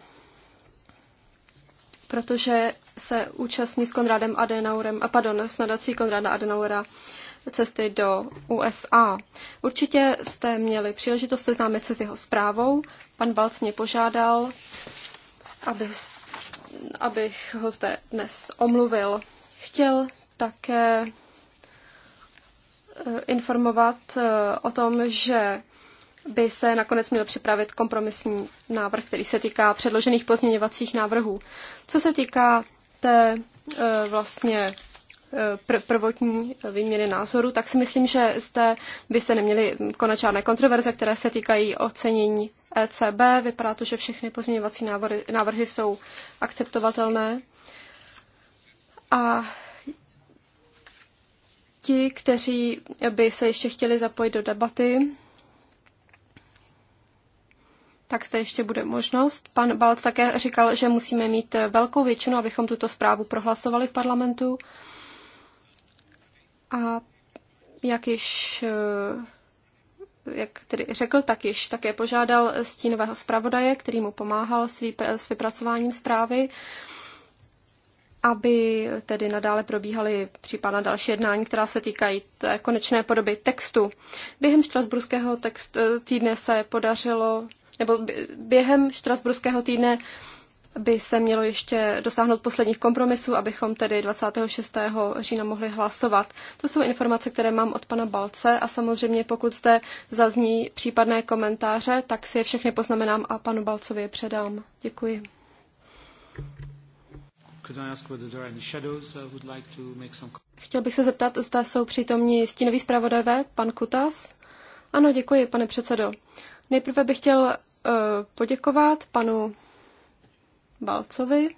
Speaker 3: protože se účastní s Konrádem Adenaurem, a pardon, s nadací Konráda Adenaura cesty do USA. Určitě jste měli příležitost seznámit se s jeho zprávou. Pan Balc mě požádal, aby, abych ho zde dnes omluvil. Chtěl také eh, informovat eh, o tom, že by se nakonec měl připravit kompromisní návrh, který se týká předložených pozměňovacích návrhů. Co se týká té e, vlastně e, pr- prvotní výměny názoru, tak si myslím, že zde by se neměly konat žádné kontroverze, které se týkají ocenění ECB. Vypadá to, že všechny pozměňovací návrhy, návrhy jsou akceptovatelné. A ti, kteří by se ještě chtěli zapojit do debaty, tak zde ještě bude možnost. Pan Balt také říkal, že musíme mít velkou většinu, abychom tuto zprávu prohlasovali v parlamentu. A jak již eh, jak tedy řekl, tak již také požádal stínového zpravodaje, který mu pomáhal s vypracováním zprávy, aby tedy nadále probíhaly případná další jednání, která se týkají té konečné podoby textu. Během štrasburského text, eh, týdne se podařilo nebo během štrasburského týdne by se mělo ještě dosáhnout posledních kompromisů, abychom tedy 26. října mohli hlasovat. To jsou informace, které mám od pana Balce a samozřejmě pokud zde zazní případné komentáře, tak si je všechny poznamenám a panu Balcovi je předám. Děkuji.
Speaker 2: Uh,
Speaker 3: chtěl bych se zeptat, zda jsou přítomní stínoví zpravodajové, pan Kutas? Ano, děkuji, pane předsedo. Nejprve bych chtěl Eh, poděkovat panu Balcovi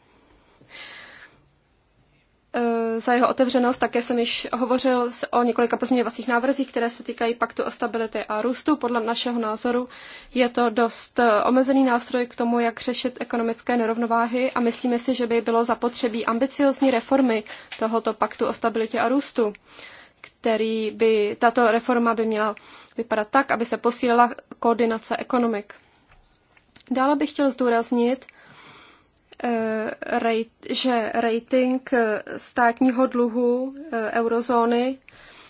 Speaker 3: eh, za jeho otevřenost. Také jsem již hovořil o několika pozměňovacích návrzích, které se týkají paktu o stability a růstu. Podle našeho názoru je to dost eh, omezený nástroj k tomu, jak řešit ekonomické nerovnováhy a myslíme si, že by bylo zapotřebí ambiciozní reformy tohoto paktu o stabilitě a růstu který by tato reforma by měla vypadat tak, aby se posílila koordinace ekonomik. Dále bych chtěl zdůraznit, eh, že rating eh, státního dluhu eh, eurozóny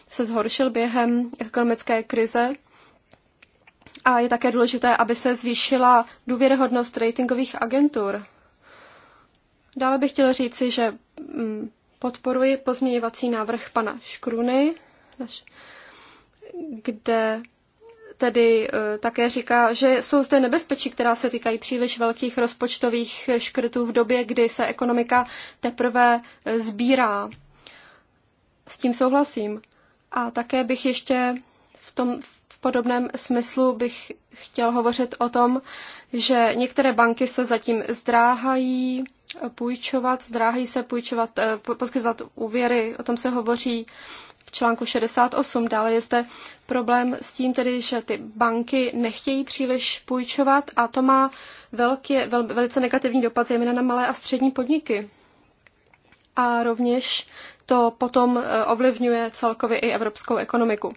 Speaker 3: se zhoršil během ekonomické krize a je také důležité, aby se zvýšila důvěryhodnost ratingových agentur. Dále bych chtěl říci, že mm, podporuji pozměňovací návrh pana Škruny, kde tedy eh, také říká, že jsou zde nebezpečí, která se týkají příliš velkých rozpočtových škrtů v době, kdy se ekonomika teprve eh, sbírá. S tím souhlasím. A také bych ještě v tom v podobném smyslu bych chtěl hovořit o tom, že některé banky se zatím zdráhají půjčovat, zdráhají se půjčovat, eh, poskytovat úvěry, o tom se hovoří v článku 68. Dále je zde problém s tím tedy, že ty banky nechtějí příliš půjčovat a to má velké, vel, velice negativní dopad zejména na malé a střední podniky. A rovněž to potom eh, ovlivňuje celkově i evropskou ekonomiku.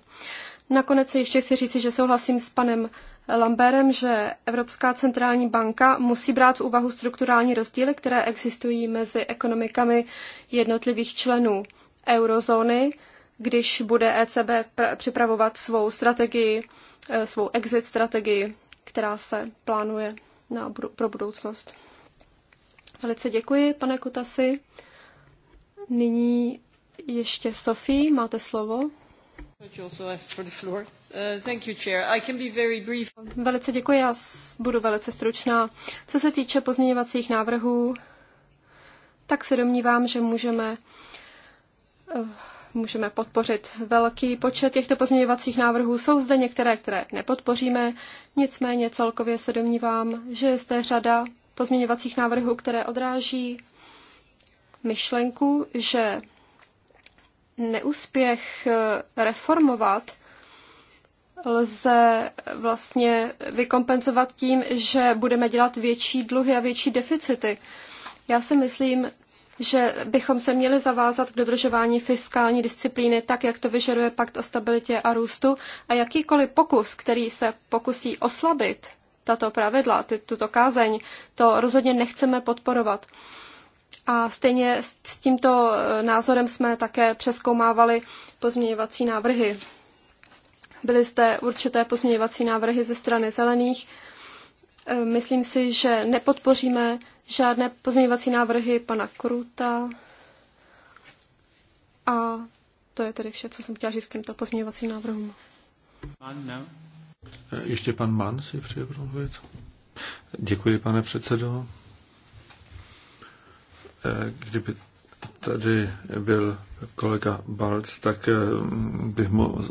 Speaker 3: Nakonec ještě chci říci, že souhlasím s panem Lamberem, že Evropská centrální banka musí brát v úvahu strukturální rozdíly, které existují mezi ekonomikami jednotlivých členů eurozóny, když bude ECB připravovat svou strategii, eh, svou exit strategii, která se plánuje na budu- pro budoucnost. Velice děkuji, pane Kutasi. Nyní ještě Sofie, máte slovo. Uh, velice děkuji, já budu velice stručná. Co se týče pozměňovacích návrhů, tak se domnívám, že můžeme eh, můžeme podpořit velký počet těchto pozměňovacích návrhů. Jsou zde některé, které nepodpoříme, nicméně celkově se domnívám, že je zde řada pozměňovacích návrhů, které odráží myšlenku, že neúspěch eh, reformovat lze vlastně vykompenzovat tím, že budeme dělat větší dluhy a větší deficity. Já si myslím, že bychom se měli zavázat k dodržování fiskální disciplíny tak, jak to vyžaduje pakt o stabilitě a růstu a jakýkoliv pokus, který se pokusí oslabit tato pravidla, ty, tuto kázeň, to rozhodně nechceme podporovat. A stejně s tímto e, názorem jsme také přeskoumávali pozměňovací návrhy. Byly zde určité pozměňovací návrhy ze strany zelených. E, myslím si, že nepodpoříme žádné pozměňovací návrhy pana Kruta. A to je tedy vše, co jsem chtěla říct k těmto pozměňovacím návrhům.
Speaker 2: E, ještě pan Mann si přeje promluvit. Děkuji, pane předsedo. E, kdyby tady byl kolega Balc, tak bych mu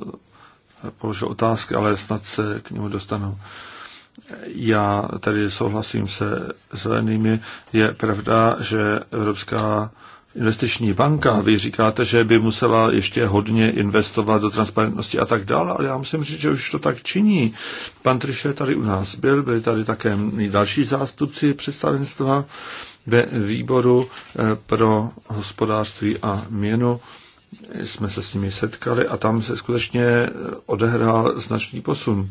Speaker 2: položil otázky, ale snad se k němu dostanu. Já tady souhlasím se zelenými. Je pravda, že Evropská investiční banka, vy říkáte, že by musela ještě hodně investovat do transparentnosti a tak dále, ale já musím říct, že už to tak činí. Pan Triše tady u nás byl, byli tady také další zástupci představenstva ve výboru eh, pro hospodářství a měnu jsme se s nimi setkali a tam se skutečně odehrál značný posun.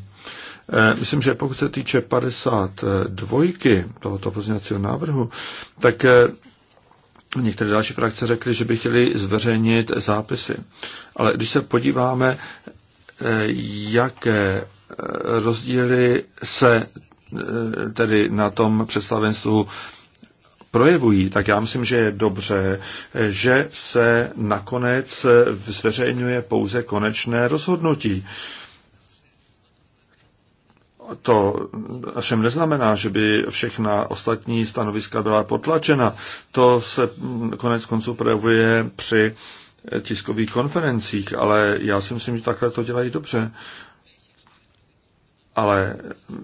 Speaker 2: Eh, myslím, že pokud se týče 52 tohoto pozměňovacího návrhu, tak eh, některé další frakce řekly, že by chtěli zveřejnit zápisy. Ale když se podíváme, eh, jaké rozdíly se tedy na tom představenstvu projevují, tak já myslím, že je dobře, že se nakonec zveřejňuje pouze konečné rozhodnutí. To všem neznamená, že by všechna ostatní stanoviska byla potlačena. To se konec konců projevuje při tiskových konferencích, ale já si myslím, že takhle to dělají dobře ale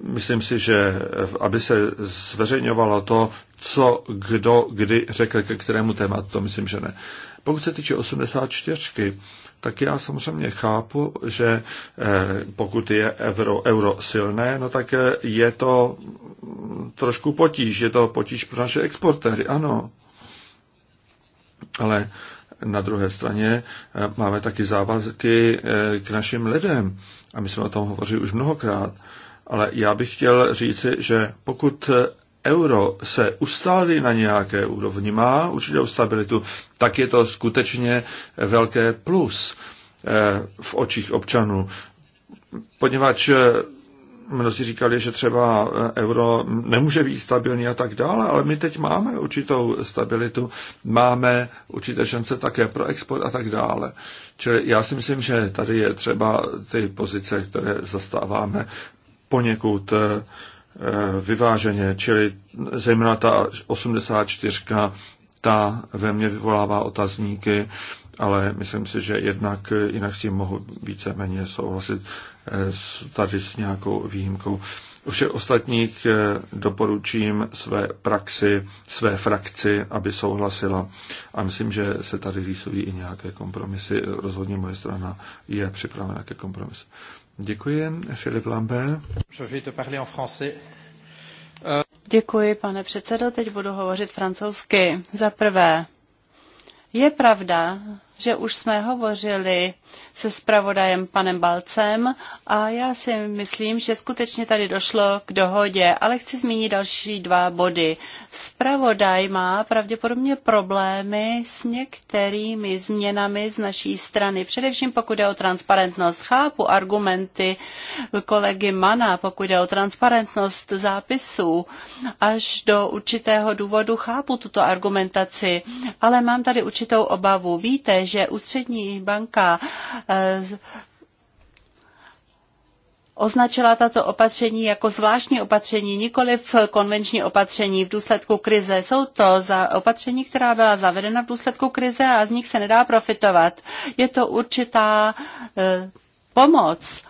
Speaker 2: myslím si, že aby se zveřejňovalo to, co kdo kdy řekl ke kterému tématu, to myslím, že ne. Pokud se týče 84, tak já samozřejmě chápu, že eh, pokud je euro, euro silné, no tak eh, je to trošku potíž, je to potíž pro naše exportéry, ano. Ale na druhé straně eh, máme taky závazky k našim lidem. A my jsme o tom hovořili už mnohokrát. Ale já bych chtěl říci, že pokud euro se ustálí na nějaké úrovni, má určitou stabilitu, tak je to skutečně velké plus eh, v očích občanů. Poněvadž eh, mnozí říkali, že třeba eh, euro nemůže být stabilní a tak dále, ale my teď máme určitou stabilitu, máme určité šance také pro export a tak dále. Čili já si myslím, že tady je třeba ty pozice, které zastáváme, poněkud Eh, vyváženě, čili zejména ta 84, ta ve mně vyvolává otazníky, ale myslím si, že jednak jinak si mohu víceméně souhlasit eh, tady s nějakou výjimkou. U všech ostatních eh, doporučím své praxi, své frakci, aby souhlasila. A myslím, že se tady rýsují i nějaké kompromisy. Rozhodně moje strana je připravena ke kompromisu. Děkuji, Filip Lambert.
Speaker 1: Děkuji, pane předsedo. Teď budu hovořit francouzsky. Za prvé, je pravda, že už jsme hovořili se spravodajem panem Balcem a já si myslím, že skutečně tady došlo k dohodě, ale chci zmínit další dva body. Spravodaj má pravděpodobně problémy s některými změnami z naší strany, především pokud je o transparentnost. Chápu argumenty kolegy Mana, pokud je o transparentnost zápisů. Až do určitého důvodu chápu tuto argumentaci, ale mám tady určitou obavu. Víte, že ústřední banka eh, označila tato opatření jako zvláštní opatření, nikoli v konvenční opatření v důsledku krize. Jsou to za opatření, která byla zavedena v důsledku krize a z nich se nedá profitovat. Je to určitá eh, pomoc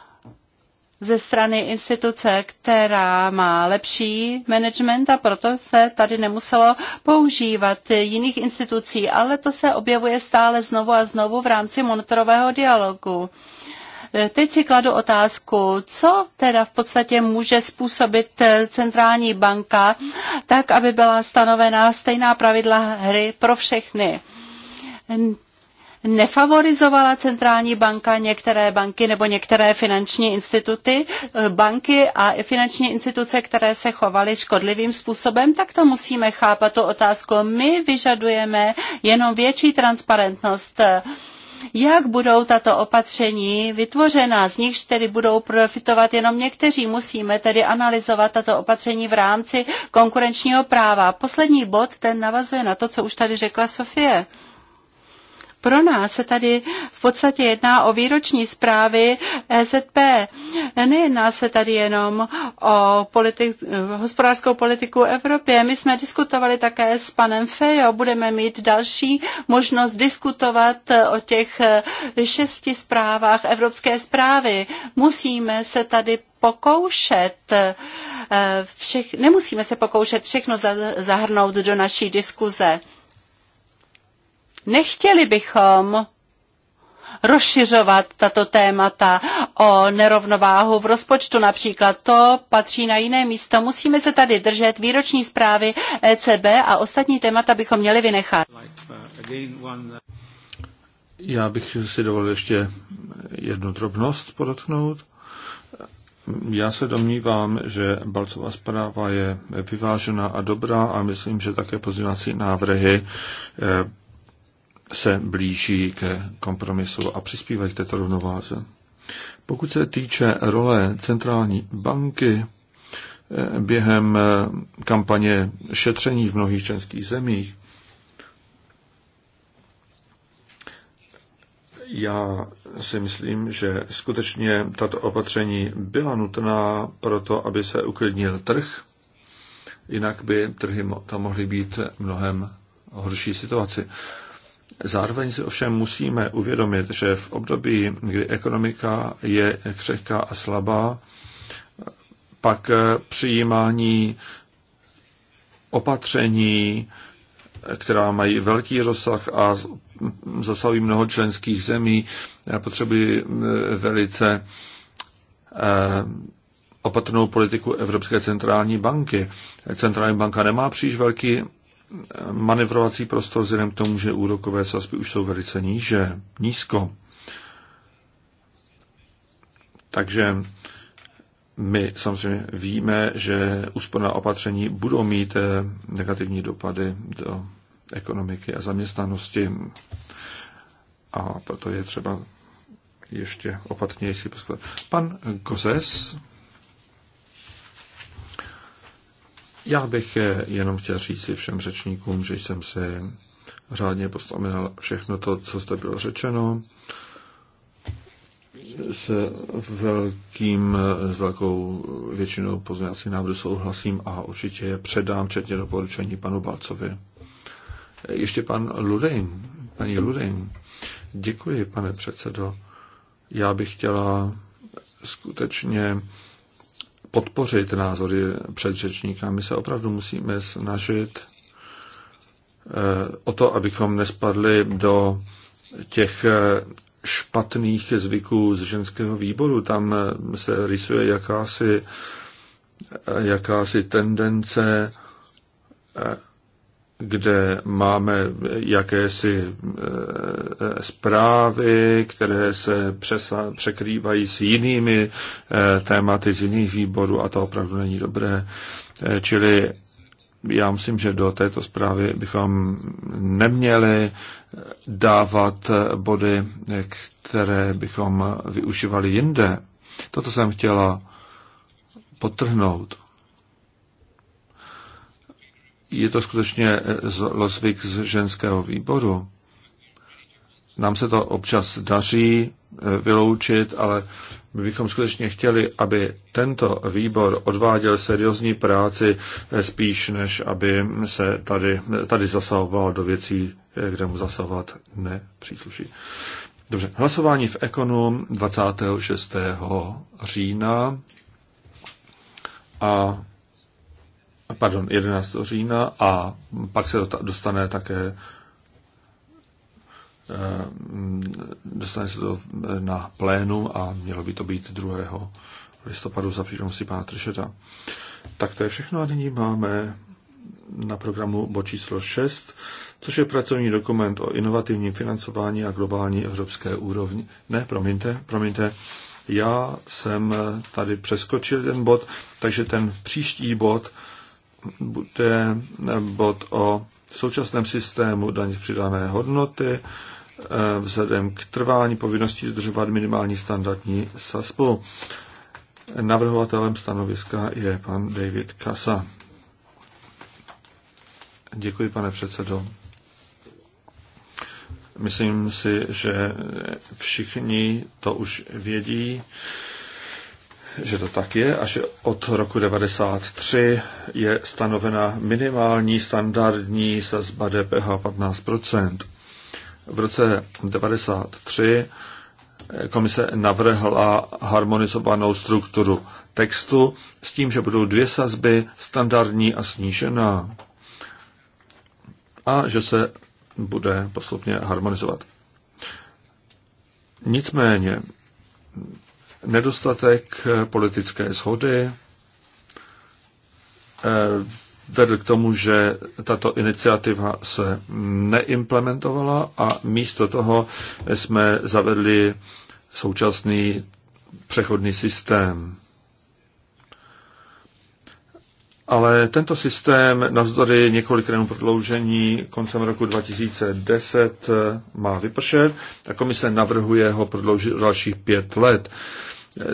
Speaker 1: ze strany instituce, která má lepší management a proto se tady nemuselo používat jiných institucí, ale to se objevuje stále znovu a znovu v rámci monitorového dialogu. Teď si kladu otázku, co teda v podstatě může způsobit centrální banka, tak aby byla stanovená stejná pravidla hry pro všechny. Nefavorizovala centrální banka některé banky nebo některé finanční instituty, eh, banky a finanční instituce, které se chovaly škodlivým způsobem, tak to musíme chápat tu otázku. My vyžadujeme jenom větší transparentnost jak budou tato opatření vytvořena, z nichž tedy budou profitovat jenom někteří. Musíme tedy analyzovat tato opatření v rámci konkurenčního práva. Poslední bod, ten navazuje na to, co už tady řekla Sofie. Pro nás se tady v podstatě jedná o výroční zprávy EZP. Nejedná se tady jenom o politik, hospodářskou politiku Evropě. My jsme diskutovali také s panem Fejo. Budeme mít další možnost diskutovat o těch šesti zprávách Evropské zprávy. Musíme se tady pokoušet eh, všech, nemusíme se pokoušet všechno zahrnout do naší diskuze. Nechtěli bychom rozšiřovat tato témata o nerovnováhu v rozpočtu například. To patří na jiné místo. Musíme se tady držet výroční zprávy ECB a ostatní témata bychom měli vynechat.
Speaker 2: Já bych si dovolil ještě jednu drobnost podotknout. Já se domnívám, že Balcová zpráva je vyvážená a dobrá a myslím, že také pozdělací návrhy eh, se blíží ke kompromisu a přispívají k této rovnováze. Pokud se týče role centrální banky eh, během eh, kampaně šetření v mnohých členských zemích, já si myslím, že skutečně tato opatření byla nutná proto, aby se uklidnil trh, jinak by trhy tam mohly být mnohem horší situaci. Zároveň si ovšem musíme uvědomit, že v období, kdy ekonomika je křehká a slabá, pak přijímání opatření, která mají velký rozsah a zasahují mnoho členských zemí, potřebují eh, velice eh, opatrnou politiku Evropské centrální banky. Centrální banka nemá příliš velký manevrovací prostor vzhledem k tomu, že úrokové sazby už jsou velice níže, nízko. Takže my samozřejmě víme, že úsporná opatření budou mít eh, negativní dopady do ekonomiky a zaměstnanosti a proto je třeba ještě opatrnější poskladat. Pan Gozes Já bych eh, jenom chtěl říct si všem řečníkům, že jsem si řádně postavil všechno to, co zde bylo řečeno se velkým, eh, s velkou většinou pozměňovacích návrhů souhlasím a určitě je předám, včetně doporučení panu Balcovi. Eh, ještě pan Ludin, paní Ludin, děkuji, pane předsedo. Já bych chtěla skutečně podpořit názory předřečníka. My se opravdu musíme snažit eh, o to, abychom nespadli do těch eh, špatných zvyků z ženského výboru. Tam eh, se rysuje jakási, jakási tendence kde máme jakési eh, zprávy, které se přesa, překrývají s jinými eh, tématy z jiných výborů a to opravdu není dobré. Eh, čili já myslím, že do této zprávy bychom neměli dávat body, které bychom využívali jinde. Toto jsem chtěla potrhnout je to skutečně zlozvyk eh, z ženského výboru. Nám se to občas daří eh, vyloučit, ale my bychom skutečně chtěli, aby tento výbor odváděl seriózní práci eh, spíš, než aby se tady, tady zasahoval do věcí, kde mu zasahovat nepřísluší. Dobře, hlasování v Ekonom 26. října a pardon, 11. října a pak se dostane také eh, dostane se to na plénum a mělo by to být 2. listopadu za přítomnosti pana Tršeta. Tak to je všechno a nyní máme na programu bod číslo 6, což je pracovní dokument o inovativním financování a globální evropské úrovni. Ne, promiňte, promiňte, já jsem tady přeskočil ten bod, takže ten příští bod je eh, bod o současném systému daně z přidané hodnoty eh, vzhledem k trvání povinnosti dodržovat minimální standardní sazbu. Navrhovatelem stanoviska je pan David Kasa. Děkuji, pane předsedo. Myslím si, že všichni to už vědí že to tak je a že od roku 1993 je stanovena minimální standardní sazba DPH 15 V roce 1993 komise navrhla harmonizovanou strukturu textu s tím, že budou dvě sazby, standardní a snížená, a že se bude postupně harmonizovat. Nicméně nedostatek eh, politické shody eh, vedl k tomu, že tato iniciativa se neimplementovala a místo toho jsme zavedli současný přechodný systém. Ale tento systém navzdory několikému prodloužení koncem roku 2010 eh, má vypršet a komise navrhuje ho prodloužit dalších pět let.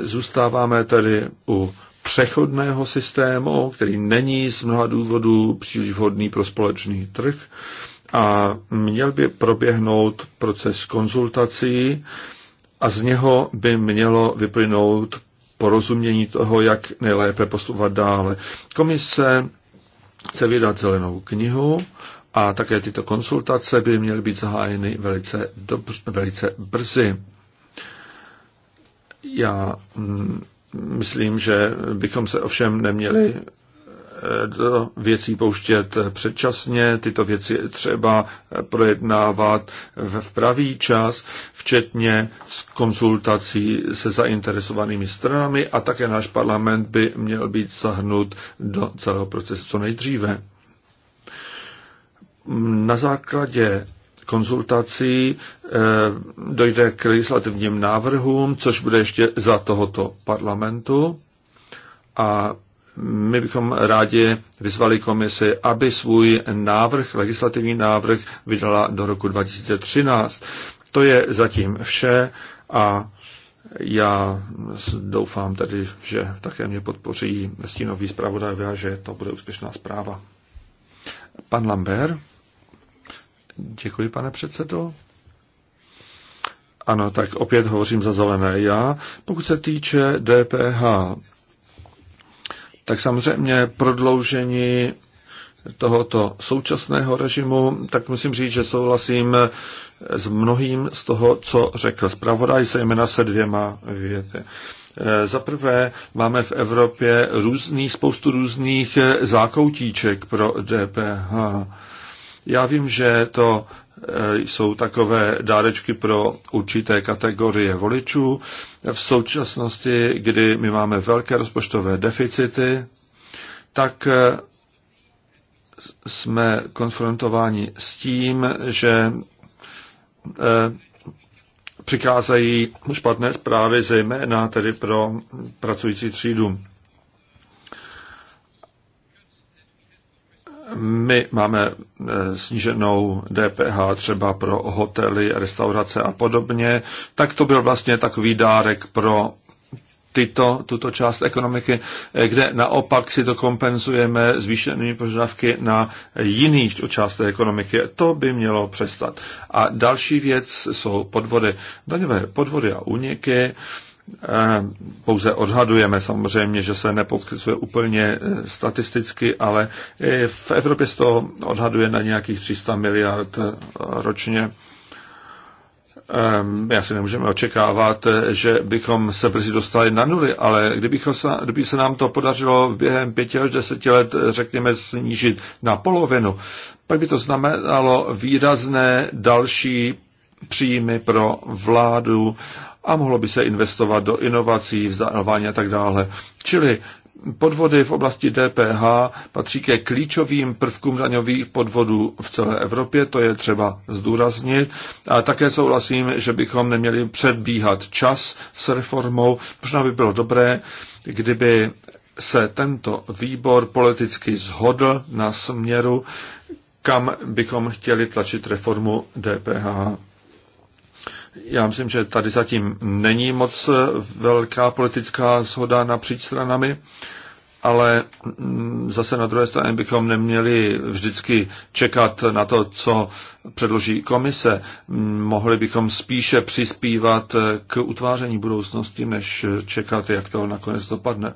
Speaker 2: Zůstáváme tedy u přechodného systému, který není z mnoha důvodů příliš vhodný pro společný trh a měl by proběhnout proces konzultací a z něho by mělo vyplynout porozumění toho, jak nejlépe postupovat dále. Komise chce vydat zelenou knihu a také tyto konsultace by měly být zahájeny velice, dobř, velice brzy. Já mm, myslím, že bychom se ovšem neměli eh, do věcí pouštět předčasně, tyto věci třeba projednávat v pravý čas, včetně s konzultací se zainteresovanými stranami a také náš parlament by měl být zahnut do celého procesu co nejdříve. Na základě konzultací eh, dojde k legislativním návrhům, což bude ještě za tohoto parlamentu. A my bychom rádi vyzvali komisi, aby svůj návrh, legislativní návrh vydala do roku 2013. To je zatím vše a já doufám tedy, že také mě podpoří stínový zpravodaj a že to bude úspěšná zpráva. Pan Lambert. Děkuji, pane předsedo. Ano, tak opět hovořím za zelené já. Pokud se týče DPH, tak samozřejmě prodloužení tohoto současného režimu, tak musím říct, že souhlasím s mnohým z toho, co řekl zpravodaj, zejména se dvěma věty. Za prvé, máme v Evropě různý, spoustu různých zákoutíček pro DPH. Já vím, že to eh, jsou takové dárečky pro určité kategorie voličů. V současnosti, kdy my máme velké rozpočtové deficity, tak eh, jsme konfrontováni s tím, že eh, přicházejí špatné zprávy, zejména tedy pro pracující třídu. My máme e, sníženou DPH třeba pro hotely, restaurace a podobně, tak to byl vlastně takový dárek pro tyto, tuto část ekonomiky, e, kde naopak si to kompenzujeme zvýšenými požadavky na jiný část té ekonomiky. To by mělo přestat. A další věc jsou podvody. Daňové podvody a úniky. Eh, pouze odhadujeme samozřejmě, že se nepopisuje úplně eh, statisticky, ale eh, v Evropě se to odhaduje na nějakých 300 miliard ročně. Ehm, já si nemůžeme očekávat, že bychom se brzy dostali na nuly, ale kdybychom se, kdyby se nám to podařilo v během pěti až deseti let, řekněme, snížit na polovinu, pak by to znamenalo výrazné další příjmy pro vládu a mohlo by se investovat do inovací, vzdělávání a tak dále. Čili podvody v oblasti DPH patří ke klíčovým prvkům daňových podvodů v celé Evropě, to je třeba zdůraznit. A také souhlasím, že bychom neměli předbíhat čas s reformou. Možná by bylo dobré, kdyby se tento výbor politicky zhodl na směru, kam bychom chtěli tlačit reformu DPH. Já myslím, že tady zatím není moc eh, velká politická shoda napříč stranami, ale mm, zase na druhé straně bychom neměli vždycky čekat na to, co předloží komise. Mm, mohli bychom spíše přispívat eh, k utváření budoucnosti, než čekat, jak to nakonec dopadne.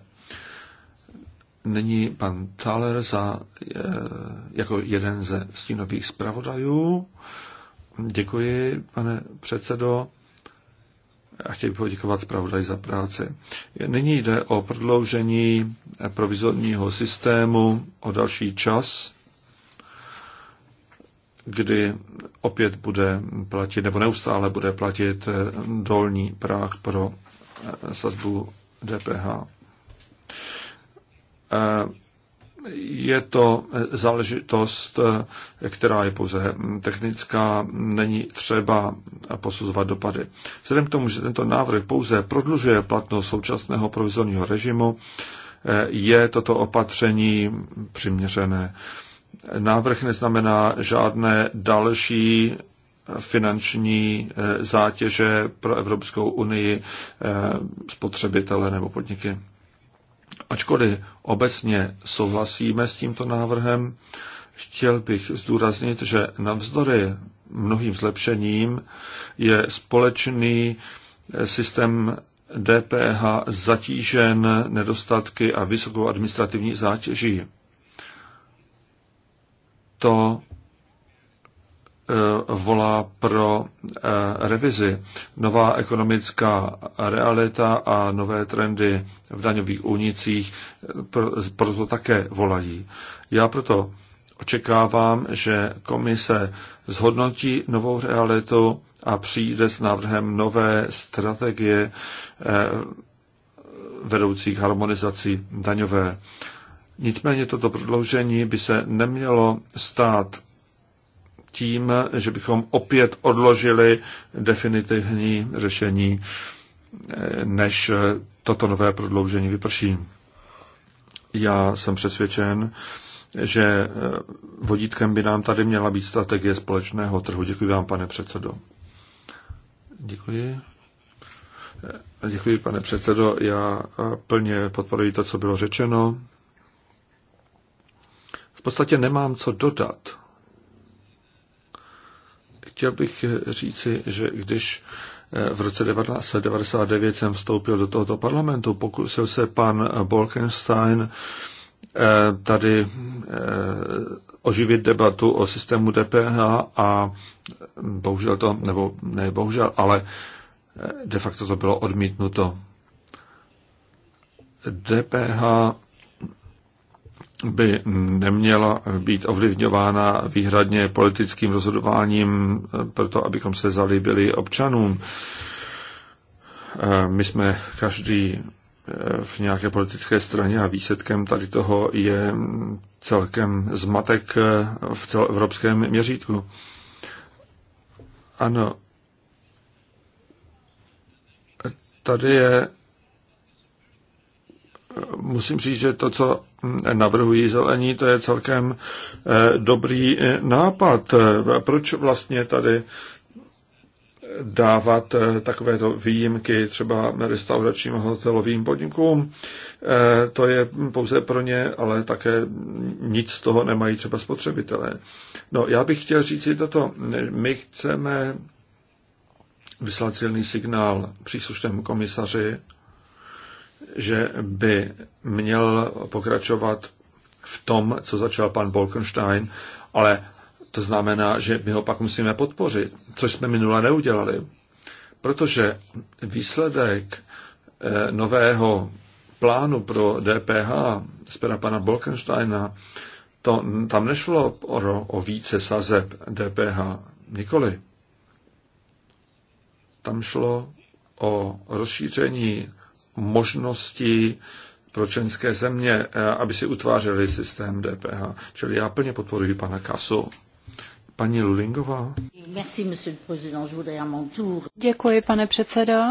Speaker 2: Není pan Thaler za, eh, jako jeden ze stínových zpravodajů. Děkuji, pane předsedo. A chtěl bych poděkovat zpravodaj za práci. Nyní jde o prodloužení provizorního systému o další čas, kdy opět bude platit, nebo neustále bude platit dolní práh pro sazbu DPH je to záležitost, která je pouze technická, není třeba posuzovat dopady. Vzhledem k tomu, že tento návrh pouze prodlužuje platnost současného provizorního režimu, je toto opatření přiměřené. Návrh neznamená žádné další finanční eh, zátěže pro Evropskou unii, eh, spotřebitele nebo podniky. Ačkoliv obecně souhlasíme s tímto návrhem, chtěl bych zdůraznit, že navzdory mnohým zlepšením je společný eh, systém DPH zatížen nedostatky a vysokou administrativní zátěží. To Eh, volá pro eh, revizi. Nová ekonomická realita a nové trendy v daňových únicích eh, proto také volají. Já proto očekávám, že komise zhodnotí novou realitu a přijde s návrhem nové strategie vedoucí k harmonizaci daňové. Nicméně toto prodloužení by se nemělo stát tím, že bychom opět odložili definitivní řešení, eh, než eh, toto nové prodloužení vyprší. Já jsem přesvědčen, že eh, vodítkem by nám tady měla být strategie společného trhu. Děkuji vám, pane předsedo. Děkuji. Děkuji, pane předsedo. Já plně podporuji to, co bylo řečeno. V podstatě nemám co dodat. Chtěl bych říci, že když eh, v roce 1999 jsem vstoupil do tohoto parlamentu, pokusil se pan Bolkenstein eh, tady eh, oživit debatu o systému DPH a bohužel to, nebo ne bohužel, ale de facto to bylo odmítnuto. DPH by neměla být ovlivňována výhradně politickým rozhodováním, eh, proto abychom se zalíbili občanům. Eh, my jsme každý eh, v nějaké politické straně a výsledkem tady toho je celkem zmatek v celoevropském měřítku. Ano, tady je, musím říct, že to, co navrhují zelení, to je celkem eh, dobrý eh, nápad. Proč vlastně tady dávat eh, takovéto výjimky třeba restauračním a hotelovým podnikům. To je pouze pro ně, ale také nic z toho nemají třeba spotřebitelé. No, já bych chtěl říct si toto. My chceme vyslat silný signál příslušnému komisaři že by měl pokračovat v tom, co začal pan Bolkenstein, ale to znamená, že my ho pak musíme podpořit, což jsme minule neudělali. Protože výsledek eh, nového plánu pro DPH z pana Bolkensteina, to, tam nešlo o, o více sazeb DPH, nikoli. Tam šlo o rozšíření možností pro členské země, eh, aby si utvářely systém DPH. Čili já plně podporuji pana Kasu. Paní Lulingová.
Speaker 1: Děkuji, pane předsedo.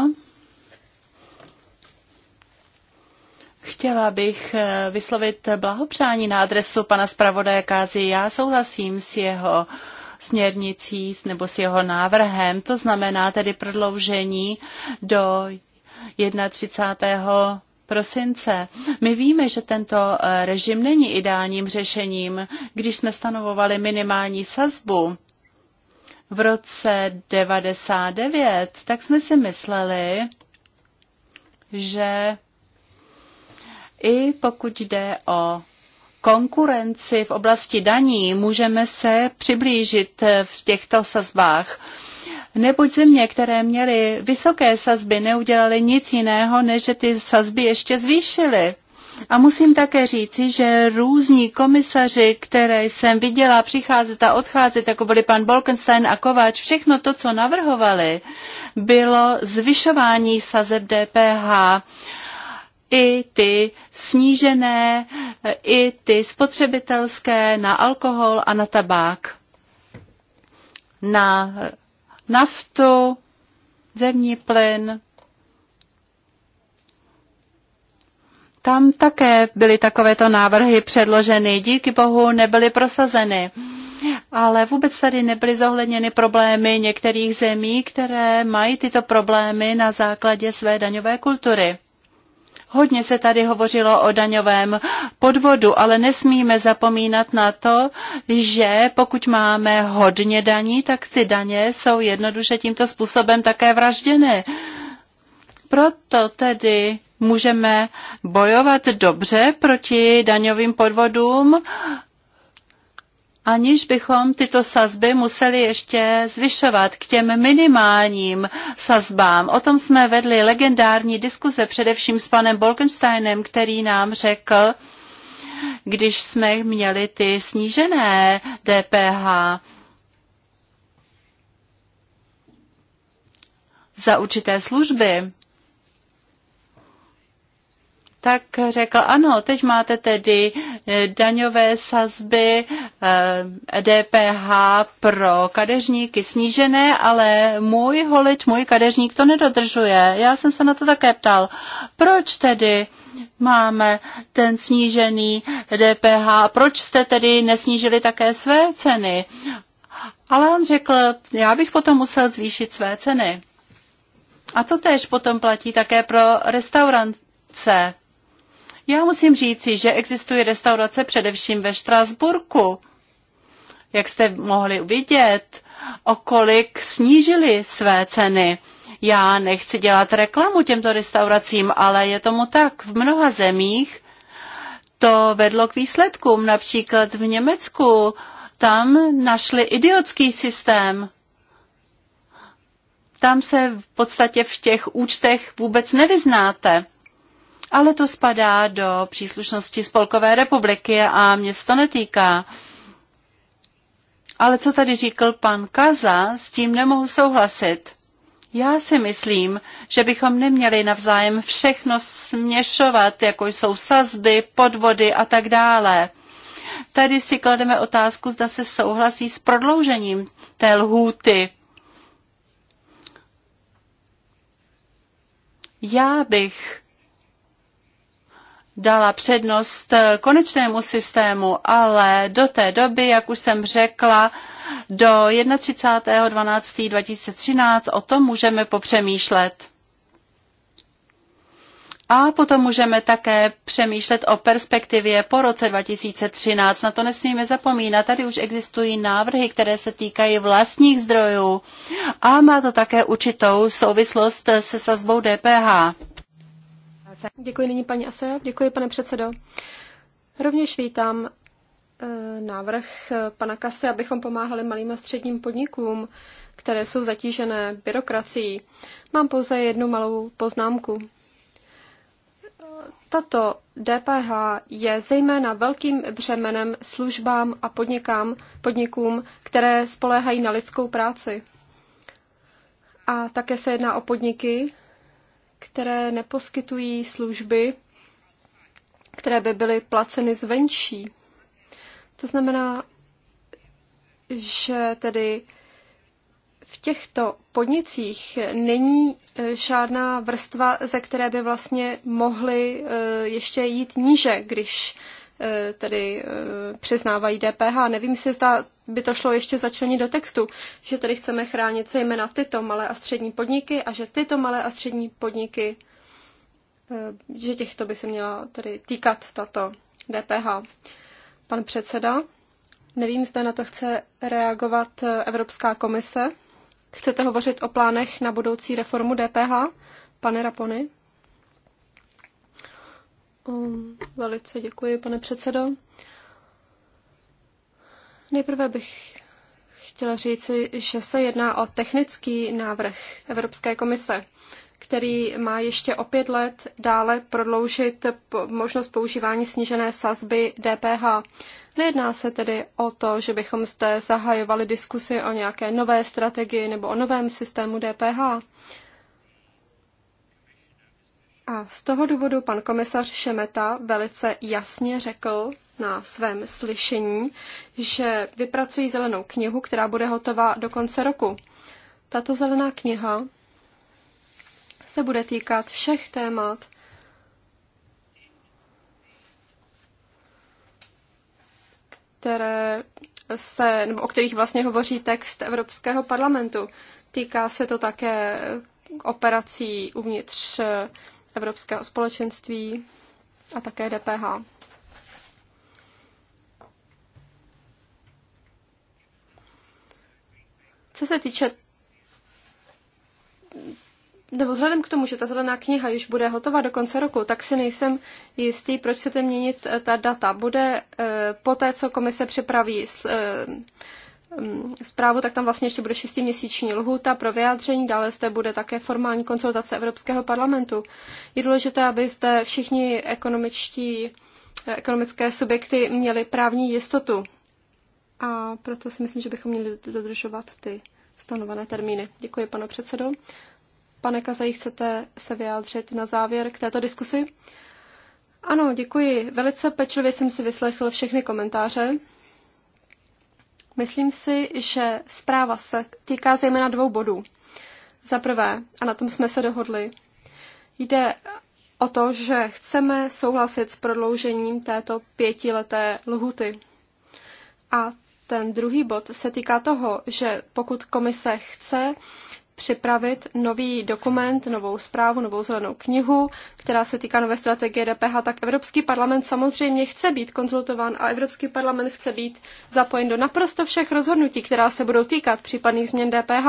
Speaker 1: Chtěla bych eh, vyslovit blahopřání na adresu pana zpravodaje Kázy. Já souhlasím s jeho směrnicí nebo s jeho návrhem, to znamená tedy prodloužení do 31 prosince. My víme, že tento eh, režim není ideálním řešením, když jsme stanovovali minimální sazbu. V roce 99, tak jsme si mysleli, že i pokud jde o konkurenci v oblasti daní, můžeme se přiblížit eh, v těchto sazbách neboť země, které měly vysoké sazby, neudělaly nic jiného, než že ty sazby ještě zvýšily. A musím také říci, že různí komisaři, které jsem viděla přicházet a odcházet, jako byli pan Bolkenstein a Kováč, všechno to, co navrhovali, bylo zvyšování sazeb DPH i ty snížené, i ty spotřebitelské na alkohol a na tabák. Na naftu, zemní plyn. Tam také byly takovéto návrhy předloženy, díky bohu nebyly prosazeny. Ale vůbec tady nebyly zohledněny problémy některých zemí, které mají tyto problémy na základě své daňové kultury. Hodně se tady hovořilo o daňovém podvodu, ale nesmíme zapomínat na to, že pokud máme hodně daní, tak ty daně jsou jednoduše tímto způsobem také vražděny. Proto tedy můžeme bojovat dobře proti daňovým podvodům aniž bychom tyto sazby museli ještě zvyšovat k těm minimálním sazbám. O tom jsme vedli legendární diskuze především s panem Bolkensteinem, který nám řekl, když jsme měli ty snížené DPH, za určité služby tak řekl, ano, teď máte tedy eh, daňové sazby DPH eh, pro kadeřníky snížené, ale můj holič, můj kadeřník to nedodržuje. Já jsem se na to také ptal, proč tedy máme ten snížený DPH, proč jste tedy nesnížili také své ceny? Ale on řekl, já bych potom musel zvýšit své ceny. A to též potom platí také pro restaurace. Já musím říci, že existuje restaurace především ve Štrasburku. Jak jste mohli vidět, okolik snížili své ceny. Já nechci dělat reklamu těmto restauracím, ale je tomu tak. V mnoha zemích to vedlo k výsledkům. Například v Německu tam našli idiotský systém. Tam se v podstatě v těch účtech vůbec nevyznáte ale to spadá do příslušnosti Spolkové republiky a mě to netýká. Ale co tady říkal pan Kaza, s tím nemohu souhlasit. Já si myslím, že bychom neměli navzájem všechno směšovat, jako jsou sazby, podvody a tak dále. Tady si klademe otázku, zda se souhlasí s prodloužením té lhůty. Já bych dala přednost eh, konečnému systému, ale do té doby, jak už jsem řekla, do 31.12.2013 o tom můžeme popřemýšlet. A potom můžeme také přemýšlet o perspektivě po roce 2013. Na to nesmíme zapomínat. Tady už existují návrhy, které se týkají vlastních zdrojů. A má to také určitou souvislost se sazbou DPH.
Speaker 3: Děkuji nyní paní Ase. Děkuji, pane předsedo. Rovněž vítám e, návrh e, pana Kase, abychom pomáhali malým a středním podnikům, které jsou zatížené byrokracií. Mám pouze jednu malou poznámku. Tato DPH je zejména velkým břemenem službám a podnikám, podnikům, které spoléhají na lidskou práci. A také se jedná o podniky, které neposkytují služby, které by byly placeny zvenčí. To znamená, že tedy v těchto podnicích není e, žádná vrstva, ze které by vlastně mohly e, ještě jít níže, když Eh, tedy eh, přiznávají DPH. Nevím, jestli zda by to šlo ještě začlenit do textu, že tedy chceme chránit zejména tyto malé a střední podniky a že tyto malé a střední podniky, eh, že těchto by se měla tedy týkat tato DPH. Pan předseda, nevím, zda na to chce reagovat Evropská komise. Chcete hovořit o plánech na budoucí reformu DPH, pane Rapony? Ehm, velice děkuji, pane předsedo. Nejprve bych chtěla říci, že se jedná o technický návrh Evropské komise, který má ještě o pět let dále prodloužit možnost používání snížené sazby DPH. Nejedná se tedy o to, že bychom zde zahajovali diskusy o nějaké nové strategii nebo o novém systému DPH. A z toho důvodu pan komisař Šemeta velice jasně řekl na svém slyšení, že vypracují zelenou knihu, která bude hotová do konce roku. Tato zelená kniha se bude týkat všech témat, které se, nebo o kterých vlastně hovoří text Evropského parlamentu. Týká se to také operací uvnitř Evropského společenství a také DPH. Co se týče nebo vzhledem k tomu, že ta zelená kniha již bude hotová do konce roku, tak si nejsem jistý, proč chcete měnit eh, ta data. Bude eh, po té, co komise připraví eh, Mm, zprávu, tak tam vlastně ještě bude šestiměsíční lhůta pro vyjádření, dále zde bude také formální konzultace Evropského parlamentu. Je důležité, aby zde všichni ekonomičtí, eh, ekonomické subjekty měli právní jistotu. A proto si myslím, že bychom měli dodržovat ty stanovené termíny. Děkuji, pane předsedo. Pane Kazají, chcete se vyjádřit na závěr k této diskusi? Ano, děkuji. Velice pečlivě jsem si vyslechl všechny komentáře. Myslím si, že zpráva se týká zejména dvou bodů. Za prvé, a na tom jsme se dohodli, jde o to, že chceme souhlasit s prodloužením této pětileté lhuty. A ten druhý bod se týká toho, že pokud komise chce připravit nový dokument, novou zprávu, novou zelenou knihu, která se týká nové strategie DPH, tak Evropský parlament samozřejmě chce být konzultován a Evropský parlament chce být zapojen do naprosto všech rozhodnutí, která se budou týkat případných změn DPH.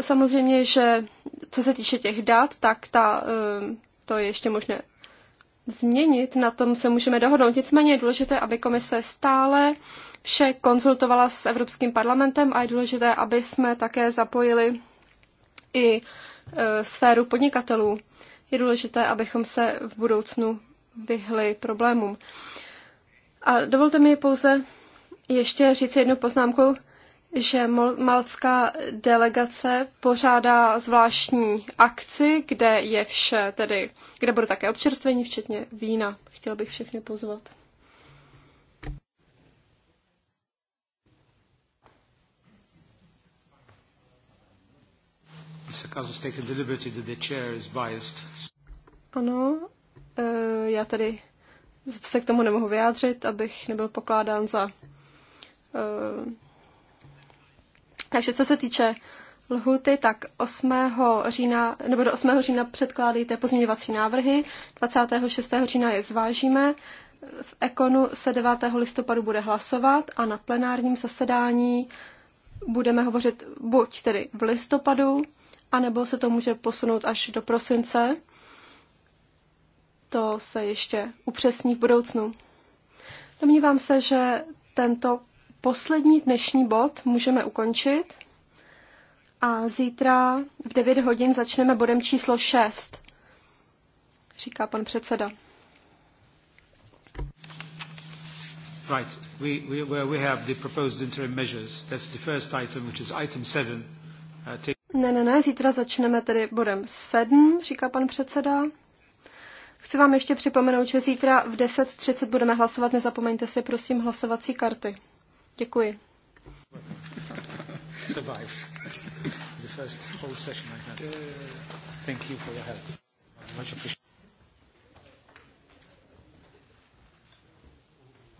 Speaker 3: Samozřejmě, že co se týče těch dat, tak ta, eh, to je ještě možné změnit, na tom se můžeme dohodnout. Nicméně je důležité, aby komise stále vše konzultovala s Evropským parlamentem a je důležité, aby jsme také zapojili i e, sféru podnikatelů. Je důležité, abychom se v budoucnu vyhli problémům. A dovolte mi pouze ještě říct jednu poznámku že malcká delegace pořádá zvláštní akci, kde je vše, tedy kde bude také občerstvení, včetně vína. Chtěl bych všechny pozvat. Ano, eh, já tady se k tomu nemohu vyjádřit, abych nebyl pokládán za eh, takže co se týče lhuty, tak 8. října, nebo do 8. října předkládejte pozměňovací návrhy, 26. října je zvážíme, v Ekonu se 9. listopadu bude hlasovat a na plenárním zasedání budeme hovořit buď tedy v listopadu, anebo se to může posunout až do prosince. To se ještě upřesní v budoucnu. Domnívám se, že tento poslední dnešní bod můžeme ukončit a zítra v 9 hodin začneme bodem číslo 6, říká pan předseda.
Speaker 2: Right. We, we, where we have the proposed interim measures, that's the first item, which is item 7. Uh, take...
Speaker 3: Ne, ne, ne, zítra začneme tedy bodem 7, říká pan předseda. Chci vám ještě připomenout, že zítra v 10.30 budeme hlasovat, nezapomeňte si prosím hlasovací karty. Děkuji. Survive the first whole session I that. Thank you for your help. Much appreciated.